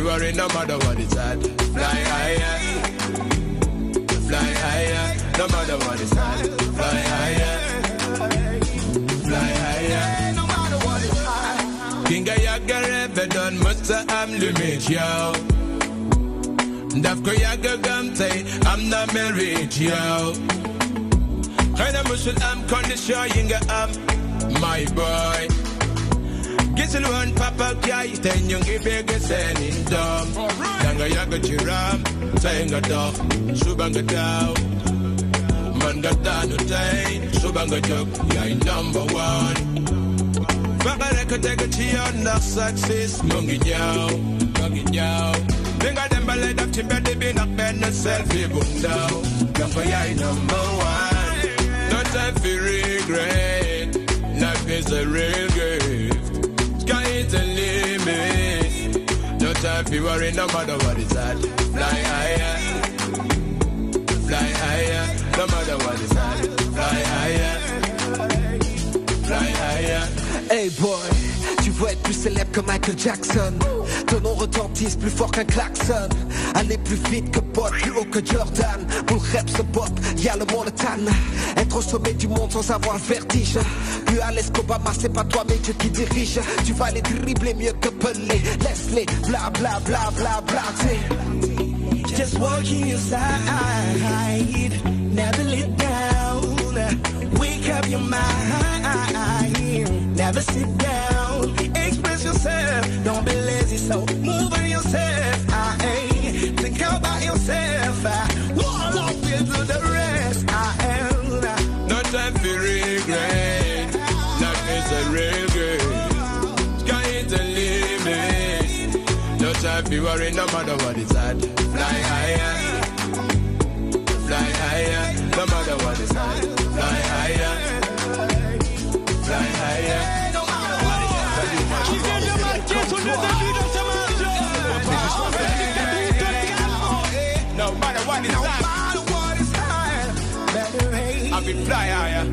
be worry no matter what it's at. Fly higher. Fly higher. No matter what it's at. Fly higher. Fly higher. No matter what it's at. King of Yaga ever done must I'm limit, yo. Daf ko yaga gamte, I'm not married, yo. Kinda i am condition, i am my boy. Listen one papa guy, then you give a in Danga yaga tanga dog, subanga Manga subanga yai number one. take a success, mungi nyao, mungi nyao. to bed, they be not boom yai number one. No time for regret, life is a real girl it and leave me. No time for worry, no matter what is at. Fly higher, fly higher, no matter what is at. Fly higher, fly higher. Hey boy. veux être plus célèbre que Michael Jackson Ton nom retentisse plus fort qu'un klaxon Aller plus vite que Bob, plus haut que Jordan Pour le rap pop, y'a le monotone Être au sommet du monde sans avoir le vertige Plus à l'aise qu'Obama, c'est pas toi mais Dieu qui dirige Tu vas les dribbler mieux que Pelé Laisse-les, bla bla bla bla bla Just walking inside Never let down Wake up your mind Never sit down Express yourself. Don't be lazy, so move on yourself. I ain't think about yourself. I want to feel the rest. I am no time for regret. Life is a regret. Sky is the limit. No time for worry, no matter what is at. Fly higher, fly higher, no matter what is at. is I'll be fly higher.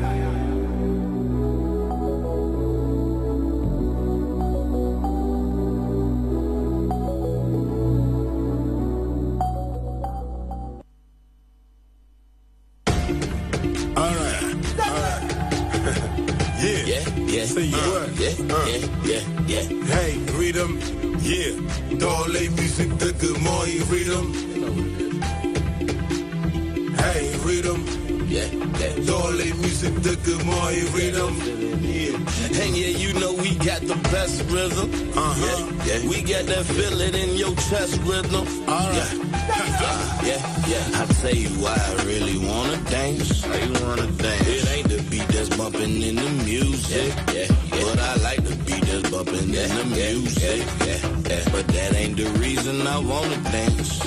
All right. All right. yeah. Yeah, yeah, Say your uh, Yeah, uh. yeah, yeah, yeah. Hey, freedom. Yeah. Dans les musiques de que moi, freedom mooy rhythm music, the good mooy rhythm yeah. and yeah you know we got the best rhythm uh-huh we got that feeling in your chest rhythm all right yeah yeah i tell you why i really wanna dance i wanna dance it ain't the beat that's bumping in the music yeah. but i like the beat that's bumping in the music yeah. but that ain't the reason i wanna dance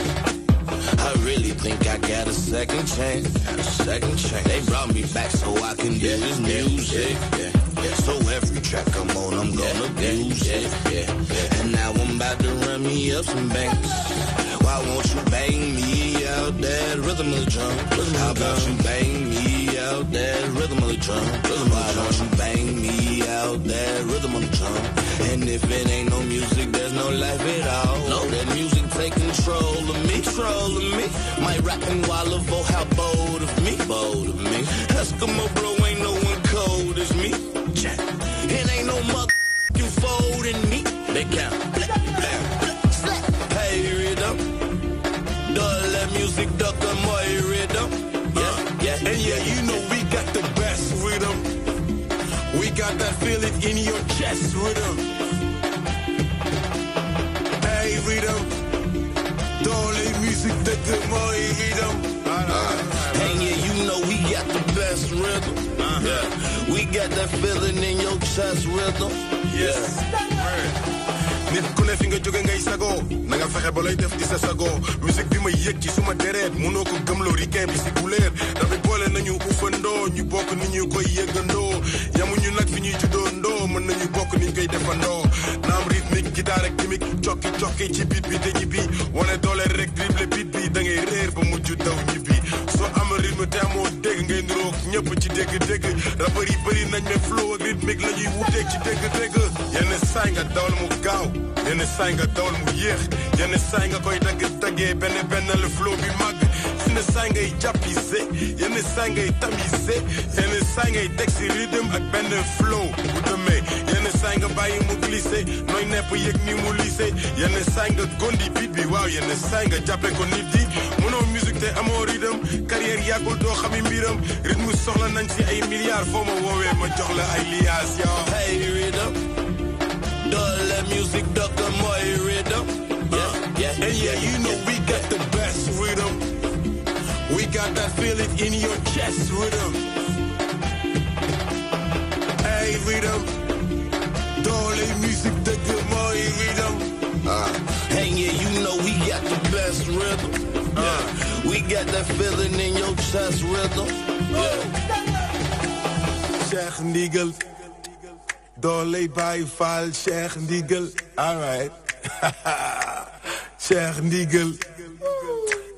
I really think I got a second chance. A second chance. They brought me back so I can yeah, do this music. Yeah, yeah, so every track I'm on, I'm gonna abuse it. Yeah, And now I'm about to run me up some banks. Why won't you bang me? out that rhythm of the drum. Rhythm How about you bang me out that rhythm of the drum? Rhythm How about you bang me out that rhythm of the drum? And if it ain't no music, there's no life at all. No, that music take control of me, control of me. My rapping while of oh, how bold of me, bold of me. Eskimo bro, ain't no one cold as me. It ain't no mother you folding me. They count. Blah, blah. sucker my rhythm. Yeah, yeah, and yeah, you know we got the best rhythm. We got that feeling in your chest rhythm. Hey rhythm, dans les musiques de my rhythm. Uh, and yeah, you know we got the best rhythm. Uh, yeah, we got that feeling in your chest rhythm. Yeah. nit ku ne fi nga jóge ngay sagoo na nga fexe ba lay def di sa sagoo musique bi ma yëg ci suma dereet munoo ko gëmloo ricain bi si guleer tamit boole nañu ufandoo ñu bokk ni ñu koy yëggandoo ñu nag fi ñuy juddoo ndoo mën nañu bokk ni ñu koy defandoo naam rythme guitare ak timik cokki cokki ci beat bi dañu bi wane doole rek dribble beat bi da ngay réer ba mujj daw ñibbi soo am rythme te amoo dégg ngay niroog ñëpp ci dégg-dégg rappeur yi bëri nañ mais flow ak rythmique la ñuy wuteeg ci dégg-dégg yenn saay nga dawal mu gaaw yenn saay nga dawal mu yéex yenn saay nga koy dagg daggee benn benn la flow bi màgg imisanga ijaphise yemisanga itamise yemisanga itaxi rhythm ak benn flow bu demee yenn sanga bàyyi mu glissé nooy nepp yëg ni mu lissé yenn sanga gondi bit bi waaw sanga jàppe ko nit di mënoo te amoo rhythm carrière yàggul doo xami mbiram rythme soxla nañ ci ay milliards foo ma ma jox la ay liaas yow hey rhythm doole musique dokk mooy rhythm uh, yeah yeah you know we got the best rhythm we got that feeling in your chest rhythm. Hey rhythm. Dårlig musikk, dette må i rhythm. Uh, hey yeah, you know we got the best rhythm. Uh, we got that feeling in your chest rhythm. Zeg nigel. dolly bijval, zeg nigel. Alright. zeg nigel.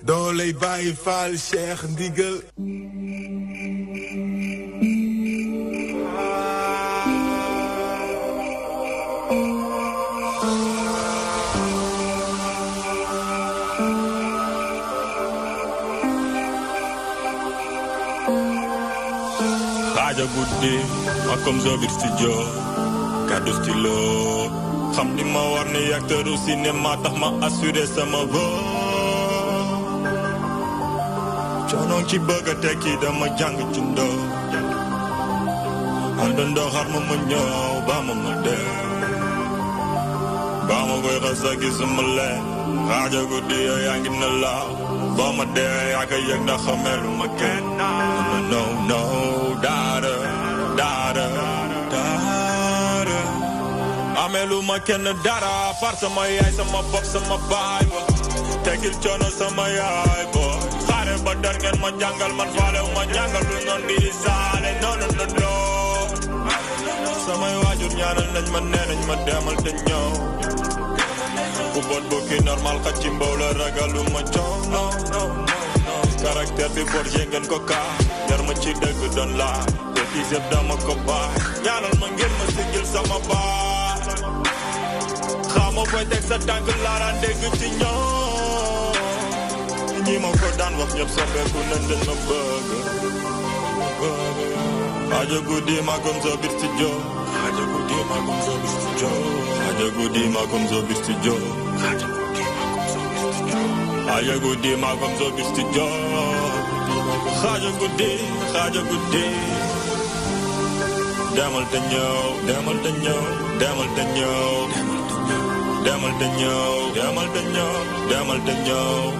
Dole Baye Fall Cheikh Ndigal. xaaja guddi ma comme so biir studio kàddu stylo xam ni ma war ni acteuru cinéma tax ma assuré sama bopp coonoon ci bëgg a tekki dama jàng ci ndaw àndandoo xar ma ma ñëw ba ma ma dee ba ma koy xas a gisuma leen xaaja guddi yaa ngi na laaw ba ma dee yaa ko xameelu ma kenn no no daara daara daara ameelu ma kenn dara par sama yaay sama bopp sama baay ba tekkil coono sama yaay booy badar ngeen ma jàngal man faalew ma jàngal lu noon di saale noonu la doo samay waajur ñaanal nañ ma nee nañ ma demal te ñëw ku bon bukki normal xat ci mbow la ragalu ma coow no no no caractère bi bor ngeen ko kaa jar ma ci dëgg doon laa petit yëpp dama ko baax ñaanal ma ngeen ma sigil sama baax xamoo fay teg sa tànk laaraan dégg ci ñoom Gima kodan wak nyep sebe kunen Aja gudi Aja gudi Aja gudi Aja gudi Aja gudi, aja gudi Demal demal demal Demal demal demal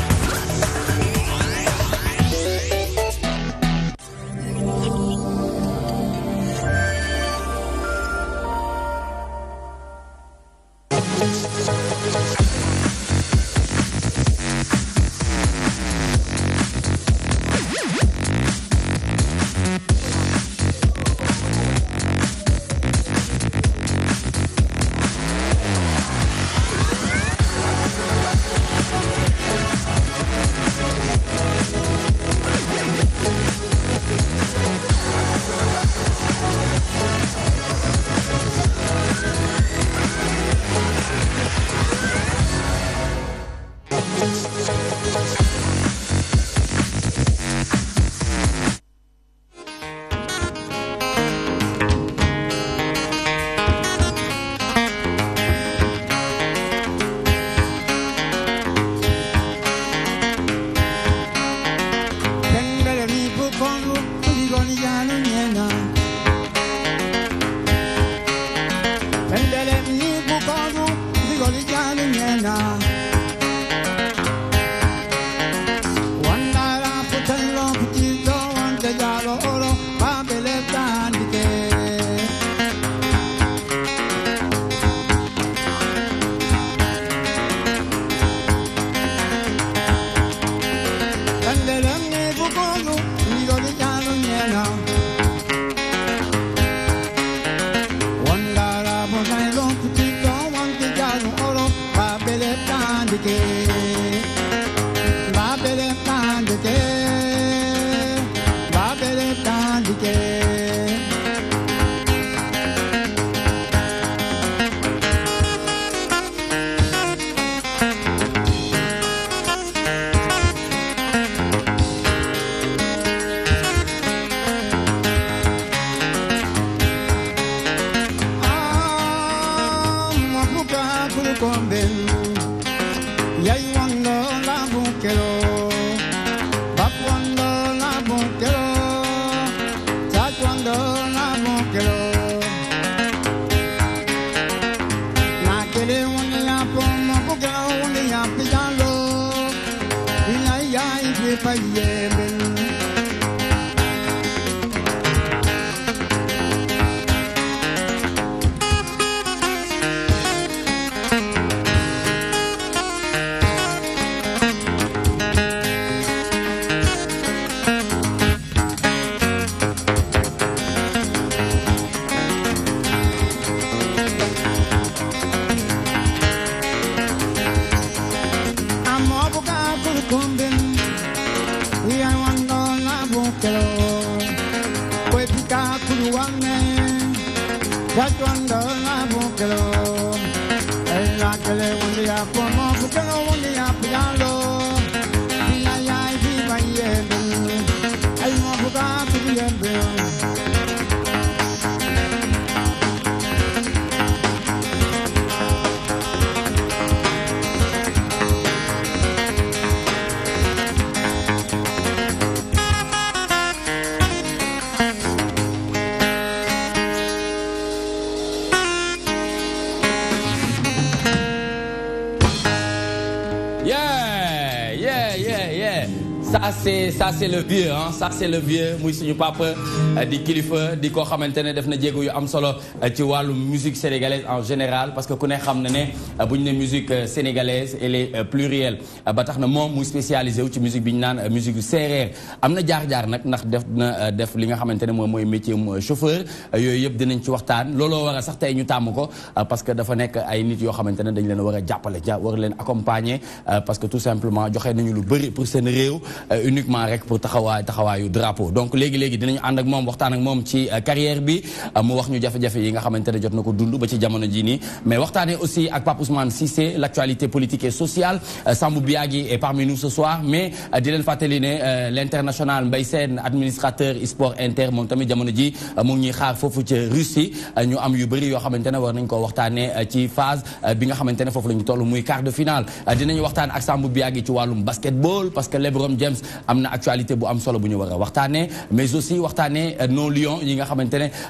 c'est le vieux, hein? ça c'est le vieux, moi, je suis pas prêt. Euh, di kilifa di ko xamante ne def na jéego yu am solo euh, ci wàllu musique sénégalaise en général parce que ku ne xam na ne euh, bu ne musique sénégalaise elle est plurielle ba tax na moom muy spécialisé wu ci musique bi ñu naan musique séeréer am na jaar-jaar nag ndax def na def li nga xamante ne moom mooy métier chauffeur yooyu yëpp dinañ ci waxtaan looloo war a sax tey ñu tàmm ko parce que dafa nekk ay nit yoo xamante ne dañ leen war a jàppale ja war leen accompagner parce que tout simplement joxe nañu lu bëri pour seen réew uniquement rek pour taxawaay taxawaayu drapeau donc léegi-léegi dinañu ànd ak moom moom waxtaan ak mom ci euh, carrière bi euh, mu wax ñu jafé jafé yi nga xamante ne jot na dund ba ci jamono ji ni mais waxtane aussi ak Pape Ousmane Cissé l'actualité politique et sociale euh, Sambou Biagui est parmi nous ce soir mais di leen fàttali ne l' international Mbaye Sène administrateur sport inter mom tamit jamono ji mu ngi ñuy xaar fofu ci Russie ñu am yu bari yo xamante war nañ ko waxtane ci phase bi nga xamante fofu lañu la toll muy quart de finale dinañu waxtaan ak Sambou Biagui ci walum basketball parce que LeBron James amna actualité bu am solo bu ñu wara waxtane mais aussi waxtane euh, non Lyon lions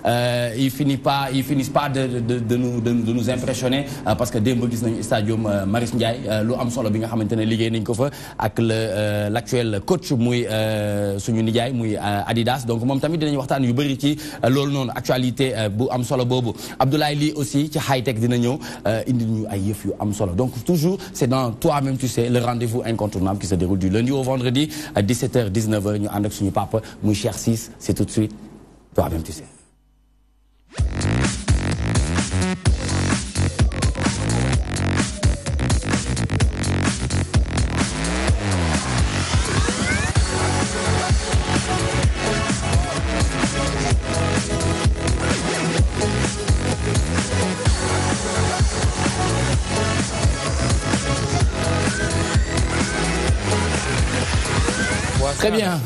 euh, ils pas il finissent pas de de nous nous impressionner euh, parce que des gis nañu stadium Maris Ndiaye lu am solo bi nga xamantene coach muy Adidas donc mom tamit dinañ waxtaan yu bari ci actualité Abdoulaye aussi ci high tech dina indi ñu ay donc toujours c'est dans toi-même tu sais le rendez-vous incontournable qui se déroule du lundi au vendredi 17h 19h ñu nous suñu papa tout de suite. رعد امتسام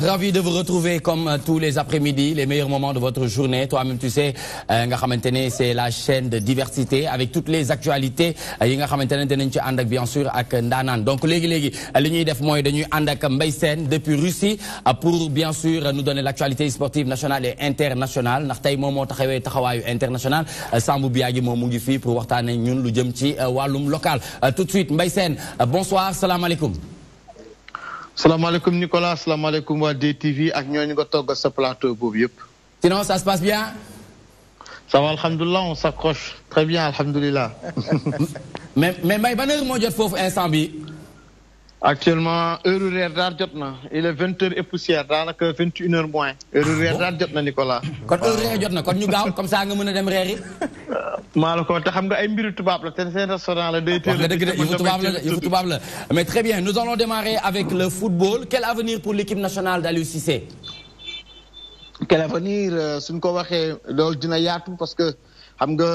ravi de vous retrouver comme euh, tous les après-midi, les meilleurs moments de votre journée. Toi-même, tu sais, euh, nga c'est la chaîne de diversité avec toutes les actualités euh, nga bien sûr ak Ndanan. donc léegi def dañuy andak. depuis Russie pour bien sûr nous donner l'actualité sportive nationale et internationale international pour ñun lu jëm local tout de suite Mbaye Sen. bonsoir alaikum. Salam alaikum Nicolas salam alaikum wa DTV ak ñooñu nga togg sa plateau bobu yépp. sinon ça se passe bien. ça va alhamdulilah on s'accroche très bien Alhamdulillah. mais mais mais, ban heure moo jot pour instant bi actuellement heure reer daal il est 20h et poussière daanaka vingt 21 heures moins. heure reer daal Nicolas. Quand heure reer jot quand nous comme ça nga mën a dem reeri. Euh, maa la ko te nga ay mbiru tubaab la restaurant la. deux mais très bien nous allons démarrer avec le football quel avenir pour l'équipe nationale d'Aliou Cissé. quel avenir euh, suñ ko waxee loolu dina Yatou parce que xam nga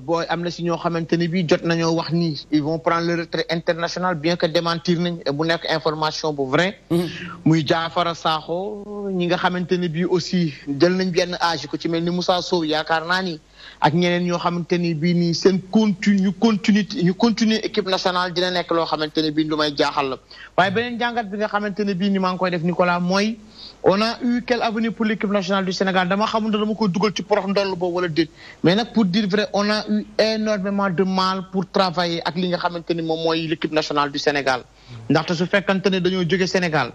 booy am na si ñoo xamante ni bii jot nañoo wax ni ils vont prendre le retrait international bien que démentir nañ bu nekk information bu vrai. Mhm. muy Jaafara Sakho ñi nga xamante ni bii aussi jël nañ benn âge ko ci mel ni Moussa Sow yaakaar naa ni ak ñeneen ñoo xamante ni bii nii seen continu ñu continue ñu continuer équipe nationale dina nekk loo xamante ne bii lu may jaaxal la waaye beneen jàngat bi nga xamante ne bii ni maa ngi koy def Nicolas mooy on a eu quel avenir pour l'équipe nationale du Sénégal dama xamul ne dama ko dugal ci porox ndoll bo wala dit mais nak pour dire vrai on a eu énormément de mal pour travailler ak li nga xamanteni mom moy l'équipe nationale du Sénégal ta su fekkante ne dañoo jóge Sénégal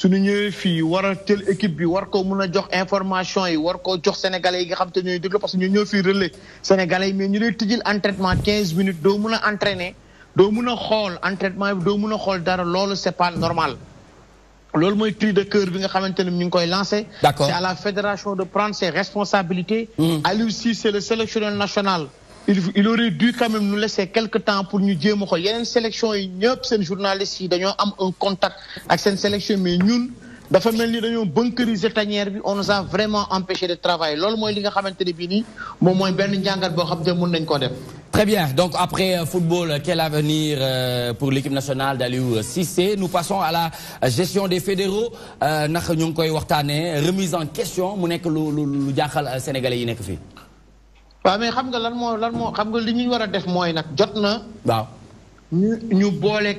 suñu ñëwee fii war a jël équipe bi war koo mën jox information yi war koo jox sénégalais yi nga xam te ñooy déglu parce que ñu ñëw fi relé sénégalais mais ñu lay tijjil entraînement 15 minutes do mëna entraîner do mëna xol entraînement do mëna xol dara lolu c'est pas normal loolu moy cri de cœur bi nga xamante ñu ngi koy lancé. c'est à la fédération de prendre ses responsabilités. Hmm. Aliou c'est le sélectionneur national. il il aurait dû quand même nous laisser quelque temps pour ñu jéem ko yeneen sélection yi ñepp seen journalistes yi dañoo am un contact ak seen sélection mais ñun. dafa mel ni dañoo bunkeriser tanière bi on nous a vraiment empêché de travailler loolu mooy li nga xamante ne bii nii moom mooy benn njàngat boo xam te mën nañ ko def. Très bien. Donc après euh, football, quel avenir euh, pour l'équipe nationale d'Aliou Cissé Nous passons à la gestion des fédéraux. Euh, ndax ñu koy remise en question mu nekk lu lu lu jaaxal sénégalais yi nekk fii. waaw mais xam nga lan mo lan mo xam nga li ñu wara def moy nak jotna waaw ñu ñu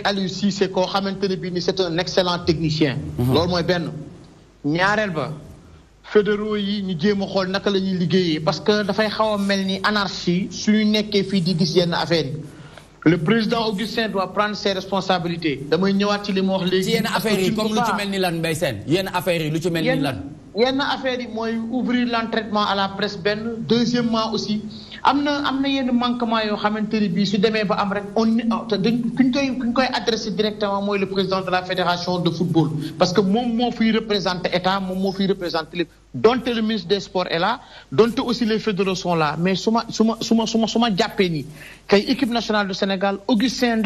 Aliou Cissé ko xamante bi ni c'est un excellent technicien. Mhm. lool moy ben ñaarel ba fédéraux yi ñu jéem a xool naka la ñuy liggéeyee parce que dafay xaw a mel ni anarchie suñu nekkee fii di gis yenn affaire yi le président Augustin doit prendre ses responsabilités damay ñëwaat ci li mu wax léegi. ci yenn affaires yi comme lu ci mel ni lan Mbaye Sène yenn affaires yi lu ci mel ni lan yenn affaire yi mooy ouvrir l'entraînement à la presse ben deuxièmement aussi amna amna yenn manquement yo xamante bi su démé ba am rek on ah, dañ kuñ koy kuñ koy adressé directement moy le président de la fédération de football parce que mom mo fi représenter état mom mo fi représenter dont le ministre des sports est là dont aussi les fédéraux sont là mais suma suma suma suma su équipe nationale du Sénégal Augustin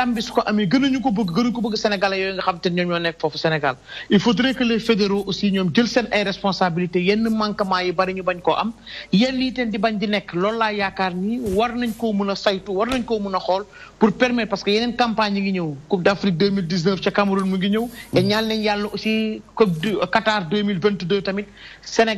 Sénégal. il faudrait que les fédéraux aussi ñom jël seen ay yenn manquement yi bari ñu bañ ko am yenn di bañ di nek, lool la ni war nañ saytu war nañ pour permettre parce que yenen campagne ngi ñew, Coupe d'Afrique 2019 Cameroun mu ngi et nañ aussi Coupe du Qatar 2022 tamit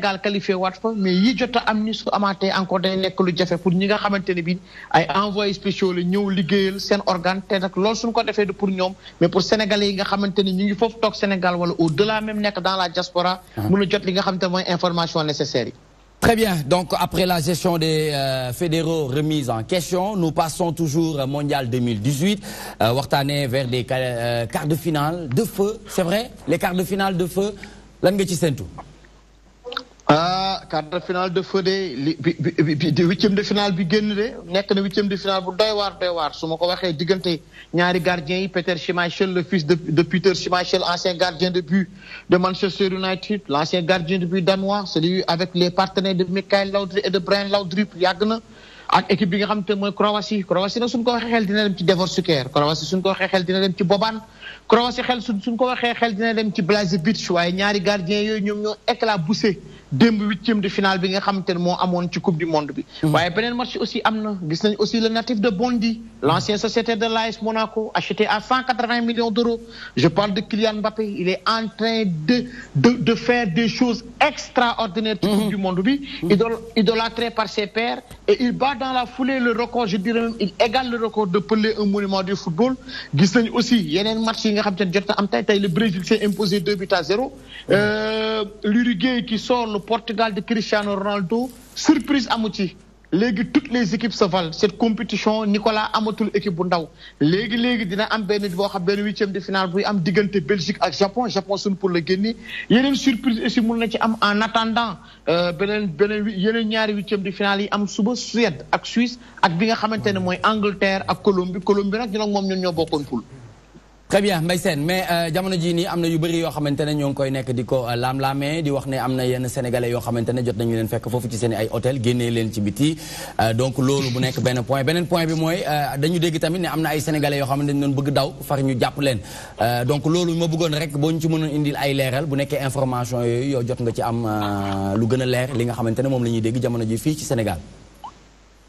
Sénégal qualifié waat fa mais yi jotta a am ni su amaatee encore day nek lu jafé pour ñi nga xamante bi ay envoyés spéciaux la ñëw liggéeyal seen organe te nag loolu suñ ko défé de pour ñom mais pour sénégalais yi nga xamanténi ñi ngi fofu tok Sénégal wala au delà même nek dans la diaspora ah. mun jot li nga xamanté moy information nécessaire Très bien, donc après la gestion des euh, fédéraux remise en question, nous passons toujours à Mondial 2018, euh, Wartane vers des euh, quarts de finale de feu, c'est vrai Les quarts de finale de feu, l'Angechi Sentou ah quart de finale de feu de li bi huitième de finale bi génn de nek na huitième de finale bu doy war doy war su ma ko waxee ñaari gardien yi Peter Schmeichel le fils de de Peter Schmeichel ancien gardien de but de Manchester United l'ancien gardien de but danois celui avec les partenaires de Michael Laudrup et de Brian Laudrup yàgg na. ak équipe bi nga xam te Croatie Croatie na suñ ko waxé xel dina dem ci Devor Suker Croatie suñ ko waxé xel dina dem ci Boban Croatie xel suñ ko waxé xel dina dem ci Blažević way ñaari gardien yoy ñom ñoo éclaboussé démb huitième de finale bi nga xamante ne moo amoon ci coupe du monde bi. Mm-hmm. waaye beneen match aussi am gis nañ aussi le natif de Bondy. l'ancien ancien sociétaire de l'AS Monaco acheté à 180 millions d'euros je parle de Kylian Mbappé il est en train de de de faire des choses extraordinaires. ci mm-hmm. du monde bi. Mm-hmm. idol idolâtré par ses pairs. et il bat dans la foulée le record je dirais même il égale le record de Pelé un monument du football. gis nañ aussi yeneen match yi nga xamante ne jot am le Brésil s' imposé deux buts à zéro. Euh, l'Uruguay qui sort Portugal de Cristiano Ronaldo surprise amu ci toutes les équipes se valent cette compétition Nicolas amatul équipe bu ndaw légui, léegi dina am benn boo xam benn huitième de finale buy am digante Belgique avec Japon Japon sun pour le y a une surprise aussi mun na ci am en attendant euh, beneen beneen yeneen ñaari huitième de finale yi am suba Suède ak Suisse ak bi nga xamante moi Angleterre ak Colombie Colombie nag ñu pas moom ñun ñoo bokkoon poule très bien Mbaye Sène mais euh, jamono jii nii am na yu bëri yoo xamante ne ñoo ngi koy nekk di ko euh, laam-laamee di wax ne am na yenn sénégale yoo xamante ne jot nañu leen fekk foofu ci seen ay hôtel génnee leen ci euh, loolu bu nekk benn point beneen point bi mooy dañu dégg tamit ne am na ay sénégale yoo xamante ne doon bëgg daw far ñu jàpp leen donc loolu ma bëggoon rek boo ñu ci mënoon indil ay leeral bu nekkee information yooyu yoo jot nga ci am lu gën a leer li nga xamante ne moom la ñuy dégg jamono ji fii ci Sénégal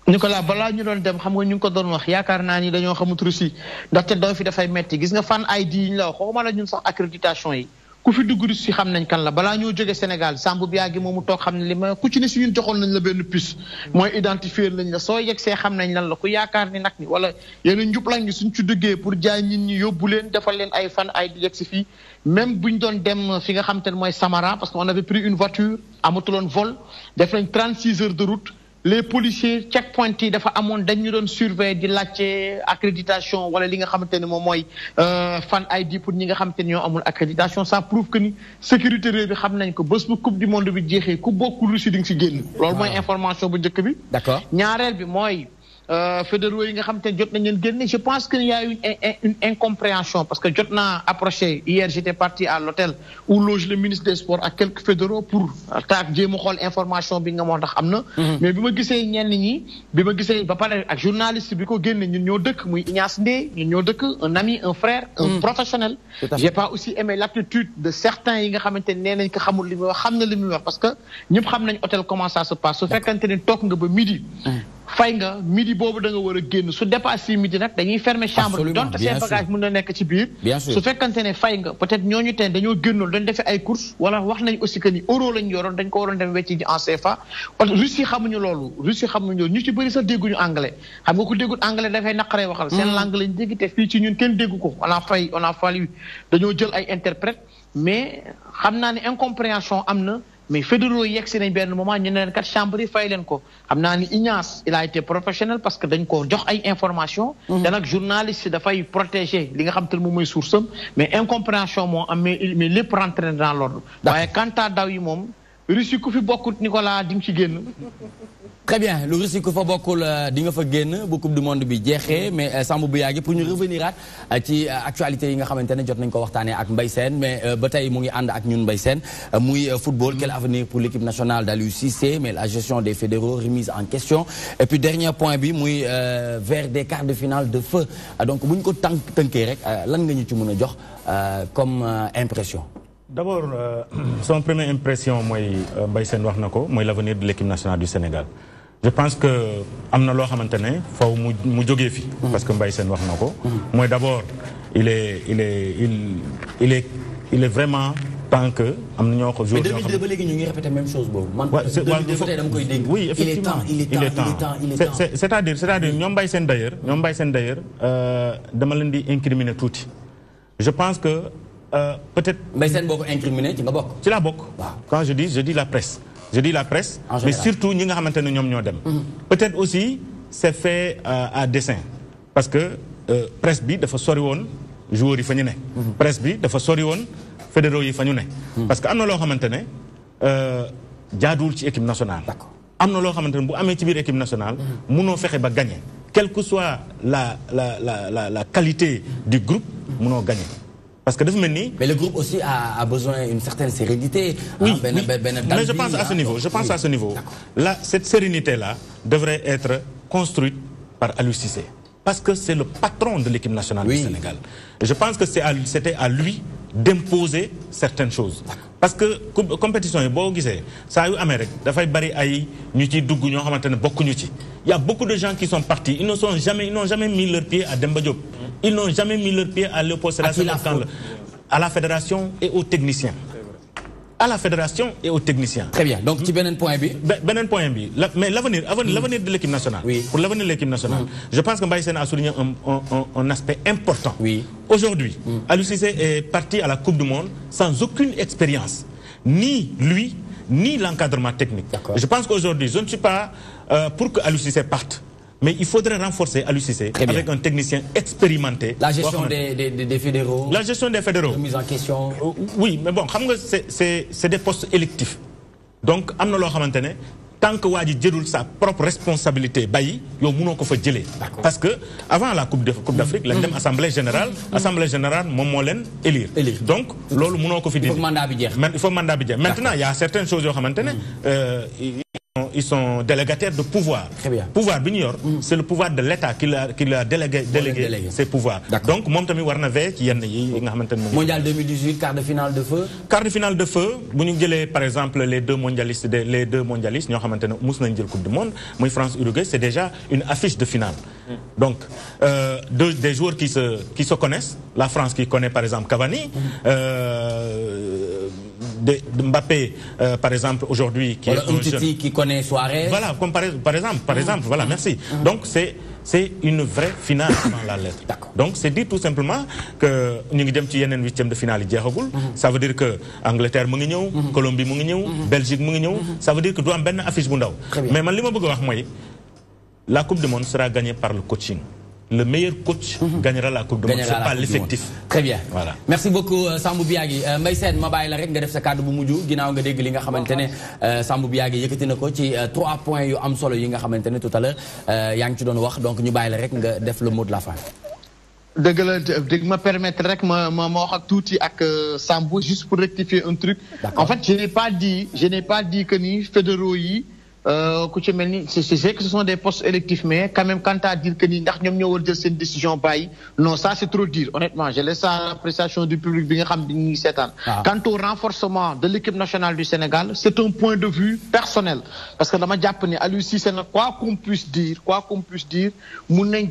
Nicolas bala ñu doon dem xam nga ñu ko doon wax yaakaar naa ni dañoo xamut Russie ndaxte doo fi dafay metti gis nga fan ID yi ñu la wax waxuma la ñun sax accréditation yi ku fi dugg Russie xam nañ kan la balaa ñoo jóge Sénégal Sambou Biagui moomu toog xam ne li ma ku ci ne si ñun joxoon nañ la benn puce mooy identifier lañ la soo yegsee xam nañ lan la ku yaakaar ni nag ni wala yéen a njublan gi suñ ci duggee pour jaay nit ñi yóbbu leen defal leen ay fan ID yegg si fii même buñ doon dem fi nga xam te mooy Samara parce que on avait pris une voiture amatuloon vol def nañ 36 heures de route les policiers checkpoint yi dafa amone dañu doon surveiller di laccé accréditation wala li nga xamante mom moy mooy euh, fan ID pour ñi nga xamante ne ñoo amul accréditation ça prouve que ni sécurité réew bi xam nañ ko bëss bu coupe du monde bi jéxé ku bokku Russie ding ci génn. lool moy ah. information bu jëk bi. d'accord ñaareel bi moy euh, fédéraux yi nga xam jot nañ leen génne je pense qu'il y a une une incompréhension parce que jot naa approché hier j'étais parti à l'hôtel où loge le ministre des sports ak quelques fédéraux pour euh, taaf jéem a xool information bi nga moo tax am na mhm. mais bi ma gisee ñenn ñi bi ma gisee ba pare ak journaliste bi ko génne ñun ñoo dëkk muy Ignace Ndeye ñun ñoo dëkk un ami un frère un mhm. professionnel j'ai pas aussi aimé l'attitude de certains yi nga xamante ne nee nañ ko xamul li muy wax xam na li muy wax parce que ñëpp xam nañ hôtel comment ça se passe su fekkante ne toog nga ba midi mhm. fay nga midi boobu da war a génn su dépassé midi nag dañuy fermer chambre bi donte seen bagage na nekk ci biir su fekkante ne fay nga peut être ñooñu teen dañoo génnoon dañ defee ay courses wala ni euro lañ yoroon dañ ko waroon dem wecci ji en CFA parce xamuñu loolu Russie xamuñu loolu ñu ci bëri sax dégguñu anglais xam nga ku déggul anglais dafay naqaree waxal seen hmm. langue lañ dégg te fii ci ñun kenn déggu dañoo jël ay interprète mais xam naa ne incompréhension am na mais fédéraux yegg si nañ benn moment ñu ne leen kat chambre fay leen ko xam naa ni Ignace il a professionnel parce que dañ ko jox ay information mmh. te nag journaliste dafay protéger li nga xam te ne moom mooy source am mais incompréhension moo am mais mais lépp rentré dans l'ordre waaye kanta à yi moom Russie ku fi Nicolas di ci génn. très bien le Russie ku fa beaucoup di nga fa génn bu coupe du monde bi jexé mm-hmm. mais vous euh, oublier, pour ñu à ci euh, actualité yi nga xamantene jot nañ ko waxtané ak Mbaye Sène mais euh, ba tey mu ngi and ak ñun Mbaye Sène muy football mm-hmm. quel avenir pour l'équipe nationale d'Aliou Cissé mais la gestion des fédéraux remise en question et puis dernier point bi muy vers des quarts de finale de feu donc buñ vous ko un tanké rek lan nga ñu ci mëna jox comme impression. D'abord, euh, son première impression, moi, euh, Mbaye Sen wax nako, moi l'avenir de l'équipe nationale du Sénégal. Je pense que amna lo xamantene faaw mu joggé fi mm. parce que Mbaye Sen wax nako. Moi mm. d'abord, il est il est il, il est il est vraiment tant que amna ñoko jour ñoko. Mais depuis légui ñu ngi répéter même chose bobu. Man Oui, il est temps, il est temps, il est temps, il est temps. C'est-à-dire c'est-à-dire mm. ñom Mbaye Sen d'ailleurs, ñom Mbaye Sen d'ailleurs euh dama leen di incriminer touti. Je pense que euh, peut-être. Mais c'est beaucoup incriminé, tu l'as beaucoup. Tu la beaucoup. Quand je dis, je dis la presse. Je dis la presse, mais surtout, nous avons maintenant nous dem. Mm-hmm. Peut-être aussi, c'est fait euh, à dessein. Parce que euh, presse bi dafa sori won joueur yi fa mm-hmm. presse bi dafa sori won fédéraux yi fa ñu ne mm-hmm. parce que am un loo xamante ne euh, ci équipe nationale am na loo xamante ne bu amee ci biir équipe nationale munoo fexe ba gagner. quelle que soit la la la la la qualité du groupe avons gagné parce que Mais le groupe aussi a, besoin d'une certaine sérénité. Oui, ah, ben ben, ben mais je pense à ce ah, niveau. Je pense à ce niveau. Là, cette sérénité-là devrait être construite par Alucissé. Parce que c'est le patron de l'équipe nationale du Sénégal. Je pense que c'était à, lui d'imposer certaines choses. parce que compétition il ça y' a beaucoup de gens qui sont partis ils ne sont jamais ils n'ont jamais mis leurs pieds à Demba ils n'ont jamais mis leur pied à l'opposition à, à la fédération et aux techniciens. À la fédération et aux techniciens. Très bien. Donc, tu benen point B Benen point B. Mais hmm. l'avenir de l'équipe nationale. Oui. Pour l'avenir de l'équipe nationale, hmm. je pense que Mbaïsen a souligné un, un, aspect important. Oui. Aujourd'hui, hmm. est parti à la Coupe du Monde sans aucune expérience. Ni lui, ni l'encadrement technique. Je pense qu'aujourd'hui, je ne suis pas euh, pour que Alucissé parte mais il faudrait renforcer à l'UCC avec un technicien expérimenté. La gestion des, des, des, fédéraux. La gestion des fédéraux. De mise en question. Euh, oui, mais bon, c'est des postes électifs. Donc, amna lo xamantene tant que Wadi Djedoul sa propre responsabilité, bayi, yo mounon ko fa Parce que, avant la Coupe d'Afrique, l'Assemblée générale mm-hmm. Assemblée Générale, mm-hmm. Assemblée Générale, Momolen, élire. élire. Donc, il mounon ko fa Il faut mandat Maintenant, il y a certaines choses, yo xamantene, mm-hmm. euh, ils sont délégataires de pouvoir. Pouvoir bignor, mm. c'est le pouvoir de l'État qui l'a, qui l'a délégué, délégué, délégué, ses pouvoirs. Donc, mon ami qui Mondial 2018, quart de finale de feu. Quart de finale de feu, par exemple les deux mondialistes, les deux mondialistes, nous avons Coupe du Monde, moi France-Uruguay, c'est déjà une affiche de finale. Mm. Donc, euh, deux, des joueurs qui se, connaissent, la France qui connaît par exemple Cavani, mm. euh, de, Mbappé, euh, par exemple, aujourd'hui. Qui est un qui connaît Soares. Voilà, comme par, exemple, par ah. exemple, voilà, ah. merci. Ah. Donc c'est c'est une vraie finale dans la lettre. Donc c'est dit tout simplement que nous avons dem huitième de finale mhm. ça veut dire que Angleterre mu mhm. Colombie mu mhm. Belgique ça veut dire que nous am une affiche bu mais man bëgg la coupe du monde sera gagnée par le coaching le meilleur coach mm -hmm. gagnera la Coupe du Monde. C'est pas l'effectif. Très bien. Voilà. Merci beaucoup euh, Sambou Biagi. Euh, Mbaye Sène ma bàyyi la rek nga def sa kàddu bu mujj ginnaaw nga dégg li nga xamante euh, Sambou Biagi yëkkati na ci trois points yu am solo yi nga xamante tout à l'heure yaa ngi ci doon wax donc ñu bàyyi la rek nga def le mot de la fin. dëgg la dëgg permettre rek ma ma ma wax ak tuuti ak Sambou juste pour rectifier un truc. en fait je n'ai pas dit je n'ai pas dit que ni fédéraux euh, ku c'est vrai que ce sont des postes électifs mais quand même tu as dire que ni ndax ñoo décision non ça c'est trop dire honnêtement je laisse à l'appréciation du public ah. quant au renforcement de l'équipe nationale du Sénégal c'est un point de vue personnel parce que la ma ni Cissé c'est quoi qu'on puisse dire quoi qu'on puisse dire mon nañ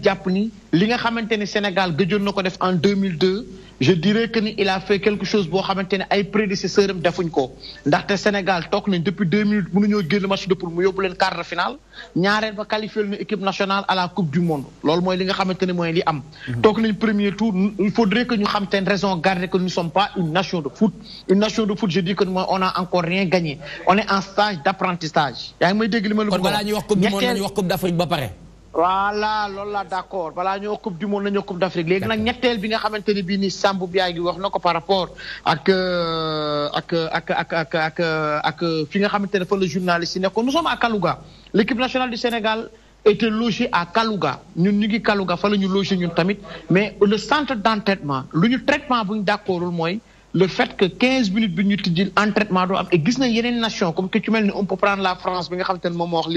li nga xamanteni ni Sénégal gëjoon na ko def en 2002 je dirais que il a fait quelque chose boo xamanteni ay prédécesseurs am defuñ ko ndaxte Sénégal toog nañ depuis 2000 mënuñoo génn match de poule mu yóbbu leen quart de finale ñaareel ba qualifié na équipe nationale à la coupe du monde loolu mooy li nga xamanteni ne li am. Mhm. toog nañ premier tour il faudrait que ñu ayons raison garder que nous ne sommes pas une nation de foot une nation de foot je dis que nous on a encore rien gagné on est en stage d'apprentissage. apprentissage. yaa ngi may dégg li ma la. wax coupe du monde wax coupe d' ba voilà loolu la Voilà, accord balaa ñoo coupe du monde nañoo coupe d'Afrique. légui nak ñettel bi nga xamanteni bi ni sambu Biaye ngi wax par rapport ak euh, ak ak ak ak ak ak fi nga xamanteni fa le journaliste nekko nous sommes à Kalouga L'équipe nationale du Sénégal était logée à Kalouga ñun ñu ngi Kalouga fa la ñu logé ñun tamit mais le centre d'entraînement, le traitement bu ñu d' le fait que 15 minutes bi ñu entraînement doo am et gis na yeneen nation comme que tu mel on peut prendre la France bi nga xamante ne moom wax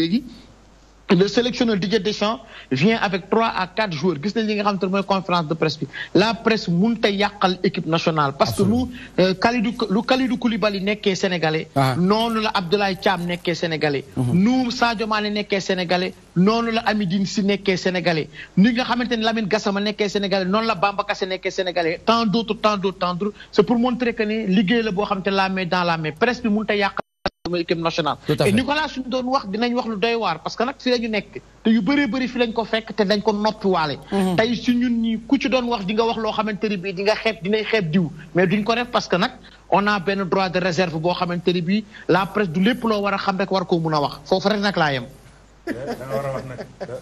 le sélectionneur Didier Deschamps vient avec 3 à 4 joueurs gis nañ li nga xam tane moy conférence de presse la presse mënta yakal équipe nationale parce que lu euh, Kalidou lu Kalidou Koulibaly nekkee sénégalais ah. Non, le la Abdoulaye Thiam nekkee sénégalais mhm. nu Sadio Mané nekkee sénégalais Non, la Amidine Sy nekkee sénégalais ni nga xamante ne Lamine Gassama nekkee sénégalais Non, la Bamba Kassé nekkee sénégalais tant d'autres tant d'autres tant d'autres c'est pour montrer que nous, liggéey la bo xam la main dans la main presse bi yakal sama équipe nationale et Nicolas suñu doon wax dinañ wax lu doy waar parce nag fi la nekk te yu bëree bëri fi lañ ko fekk te dañ ko noppiwaale mhm. tey si ñun ku ci doon wax di nga wax loo xamante ni bii di nga xeeb dinay xeeb diw mais duñ ko def parce que nag on a benn droit de réserve boo xamante ni bi la presse du lépp loo war a xam rek war koo mun a wax foofu rek nag laa yem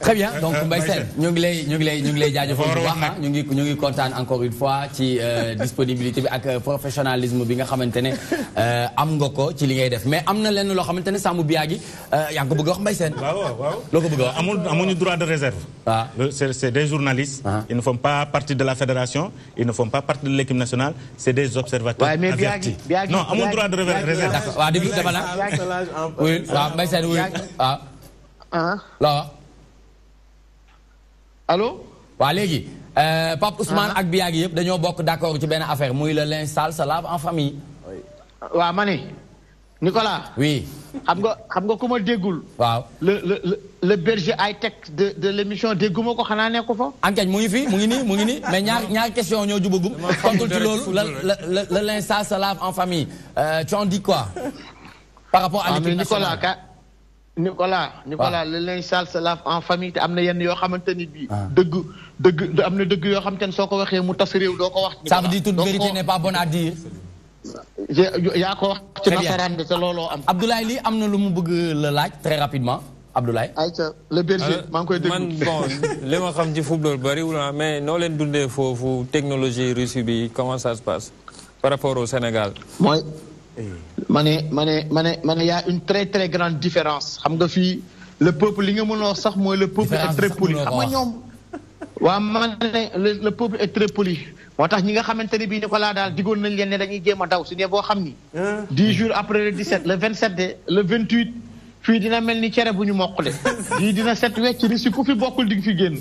très bien donc Mbaye Sène ñu ngi lay ñu ngi lay ñu ngi lay jaajëfal bu baax ñu ngi ñu ngi kontaan encore une fois ci euh, disponibilité bi ak euh, professionnalisme bi nga xamante ne euh, am nga ko ci li ngay def mais am na lenn loo xamante ne sàmm biyaa gi yaa ngi ko bëgg a wax Mbaye Sène waaw waaw loo ko bëgg a wax amul amuñu droit de réserve waaw ah. c'est des journalistes ah. ils ne font pas partie de la fédération ils ne font pas partie de l'équipe nationale c'est des observateurs avertis non amul droit de réserve waaw ah, la oui waaw Mbaye Sène oui waaw Hein? Allô allo. waa euh, Pape Ousmane ah. ak Biagi yëpp dañoo bokk d'accord ci benn affaire muy le linge sale lave en famille. Oui, ma Nicolas. oui. xam nga comment nga le le le berger high-tech de de l'émission, émission dégguma ko xanaa nekku fa. je mu ngi fi mu ngi nii mu mais question ñoo jubagum. kontul ci le linge sale se lave en famille euh, tu en dis quoi. par rapport à ah, l'équipe nationale Nicolas Nicolas le linge sale se lave en famille te am na yenn yoo xamante ni bii. Ah. dëgg dëgg am na dëgg yoo xamante ni soo ko waxee mu tas réew doo ko wax. ça veut dire toute vérité n'est pas bonne à dire. yaa ko wax ci nasaraan bi te lolo. am. Abdoulaye lii am na lu mu bëgg la laaj très rapidement Abdoulaye. Aïcha, le berger euh, maa ngi koy déglu man bon li ma xam ci football bariwul ah mais noo len dundee fofu technologie russe bi comment ça se passe par rapport au Sénégal. mooy mané mané mané mané ma y' a une très très grande différence xam nga fi le peuple li nga mëno sax moy le peuple est très poli xam nga ñoom. waaw ma le peuple est très poli moo tax ñi nga xamante ne bii ni ko nañ leen ne dañuy jéem daw su ne boo xam 10 hein? jours après le 17 le 27 de le 28. fi dina melni ciéré buñu mokulé di dina set wécc ci ku fi bokul dig fi génn.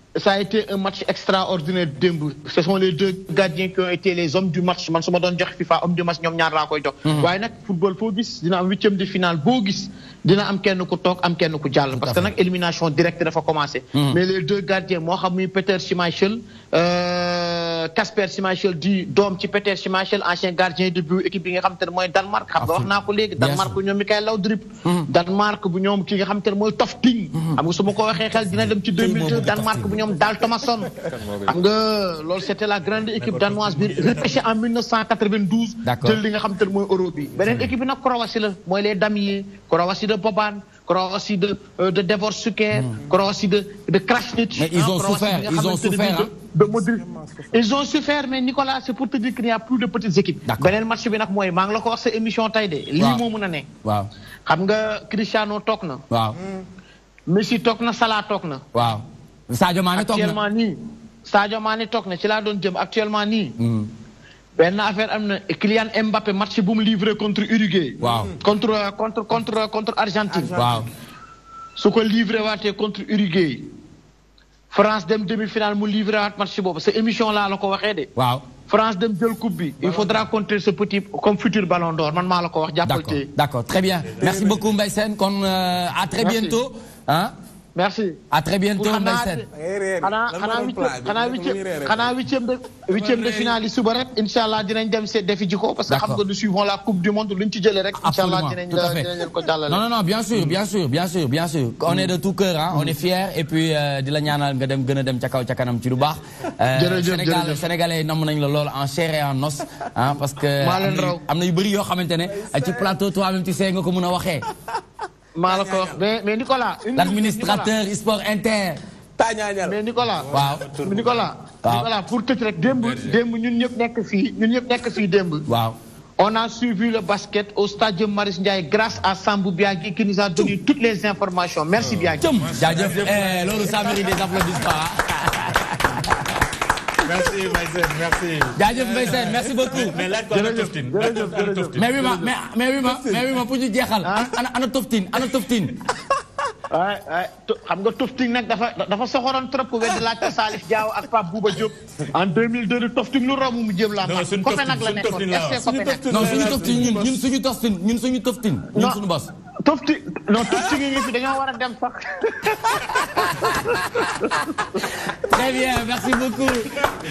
ça a été un match extraordinaire démb ce sont les deux gardiens qui ont été les hommes du match man su ma jox FIFA homme du match ñom ñaar la koy jox hmm. waaye nak football fo gis dina am huitième de finale bo gis dina am kenn ku tok am kenn ku jall parce que nak élimination directe dafa commencé hmm. mais les deux gardiens Mohamed xam muy Peter Schmeichel euh, Kasper Schmeichel di dom ci Peter Schmeichel ancien gardien de but équipe bi nga xam tane moy Danemark xam nga wax naa ko léegi Danemark ñom Mikael Laudrup mm-hmm. Danemark bu ñom ki nga xam tane moy mooy Tofting mm-hmm. xam nga su ko waxe xel dina dem ci 2002 Danemark bu ñom Dal Tomasson am nga lol c'était la grande équipe danoise bi repêché en 1992 jël li nga xam tane moy mooy Euro bi benen mm-hmm. équipe bi Croatie la les Damiers Croatie de Boban euh, hmm. Croatie de, de Devor Suker, Croatie de, de Krasnitch. Mais ils hein, ont souffert, ils ont souffert. Hein. De, de ils ont souffert, mais Nicolas, c'est pour te dire qu'il n'y a plus de petites équipes. Benel match bi nak moy mang la ko wax sa émission tay de li mo mëna né. Waaw. Xam nga Cristiano Tokna. Waaw. Messi tok na, Salah Tokna. waouh. Waaw. Sadio Mané Tokna. Actuellement ni Sadio Mané Tokna, na ci la doon actuellement ni. Hmm ben affaire amna Kylian Mbappé match de livrer livré contre Uruguay. contre contre contre contre Argentine. waaw su ko livré contre Uruguay. France dem demi-finale mu livré waat match C'est c'est émission là on va waxee France dem jël coupe bi. il faudra compter ce petit comme futur ballon d'or man on la ko wax. d'accord d'accord très bien merci beaucoup Mbaye Sène euh, à très bientôt. Hein merci à très bientôt Mbaye Sène xanaa huitième de huitième de finale yi suba rek incha allah dinañ dem ces défis ji parce que xam nga nous suivons la coupe du monde luñ ci jëlee rek incha allah dinañ dinañ ko dalalé. non non non bien sûr bien sûr bien sûr bien sûr on est de tout cœur hein. on est fier. et puis euh, di la ñaanal nga dem gëna dem ca kaw ca kanam ci lu baax euh, Sénégal sénégalais nam nañ la lool en chair et en os hein, parce que amna yu bëri yo xamantene ci plateau toi même tu sais nga ko mëna a Malakoff. mais mais Nicolas. l'administrateur sport inter. mais Nicolas. Mais Nicolas. Nicolas pour tëj rek démb. démb ñun pas nekk fii ñun ñëpp pas fii démb. waouh On a suivi le basket au stade Maris Ndiaye grâce à Sambou Biagi qui nous a donné toutes les informations. Merci Biagi. Euh, Biagui. Eh, Lolo, ça mérite des applaudissements. Hein. merci Mbaye Sène merci. jaajëf Mbaye Sène merci beaucoup. mais laaj ko ana Toftine mais oui ma mais oui ma mais oui ma pour ñu jeexal. Ah. ana ana Toftine ana Toftine. waay waay xam nga Toftine nag dafa dafa soxoroon trop ku wedd laaj ko Salif Diaw ak Pape Bouba Diop. en 2002 Toftine lu romb mu jëm la am. suñu Toftine suñu Toftine la waaw non suñu Toftine ñun suñu Toftine ñun suñu Toftine ñun suñu bos. tofti non tofti ngi fi da nga dem sax. très bien merci beaucoup.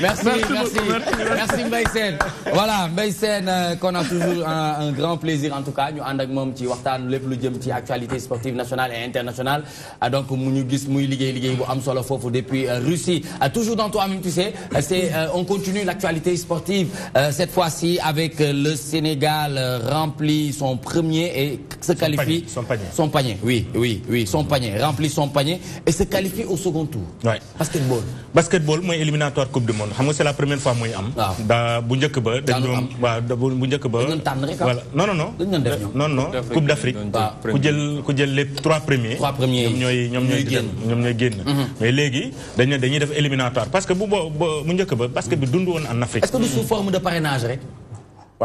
merci merci merci Mbaye Sène. voilà Mbaye euh, qu'on a toujours un grand plaisir en tout cas ñu avons ak petit ci waxtaan lepp lu jëm ci actualité sportive nationale et internationale. Ah, donc mu ñu gis muy liggéey liggéey bu am solo fofu depuis euh, Russie ah, toujours dans Toi-même tu sais euh, c'est on continue l'actualité sportive cette fois-ci avec le Sénégal rempli son premier et se qualifie remplit son panier. son panier. Oui, oui, oui, son panier. rempli son panier et se qualifie au second tour. Ouais. Basketball. Basketball mooy éliminatoire Coupe du Monde xam c'est la première fois muy am. Da daa bu njëkk ba. dañu wa da bu njëkk ba. voilà non non non. dañu def non non Coupe d'Afrique. waaw ku jël ku jël les trois premiers. trois premiers ñoom ñooy ñoom ñooy génn ñoom ñooy génn. Mm-hmm. mais léegi dañu dañuy def éliminatoire parce que bu boo bu njëkk ba basket bi dund won en Afrique. est-ce que du sous forme de parrainage rek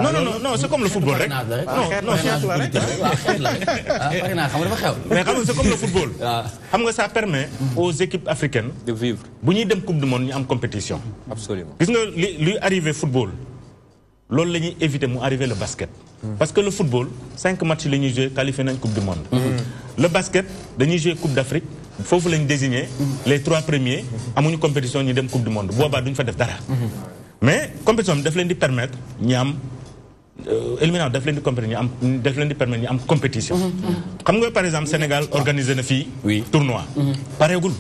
non non non c'est comme le football non non c'est comme le football ah. ça permet aux équipes africaines de vivre bu ñuy dem coupe du monde ñu am compétition absolument gis nga lui football loolu la ñuy éviter mu le basket parce que le football cinq matchs la ñuy joué qualifié nañ coupe du monde mm-hmm. le basket dañuy une coupe d'Afrique foofu faut désigner les trois premiers une compétition ñu dem coupe du monde boobaa duñ fa def dara mm-hmm. mais compétition bi daf di permettre éliminant euh, daf leen di compétir ñu am daf leen di permettre ñu am compétition. Mhm. Mhm. xam nga par exemple Sénégal organisé na fii. oui tournoi. Mhm. pareegul.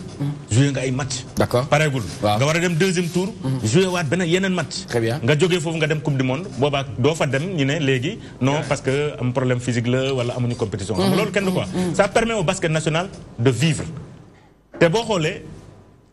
joué nga ay match. d' accord pareegul. nga war a dem deuxième tour. joué waat beneen yeneen match. très bien nga jógee foofu nga dem coupe du monde boobaa doo fa dem ñu ne léegi non parce que am problème physique la wala amuñu compétition. loolu kenn quoi ça permet au basket national de vivre te boo xoolee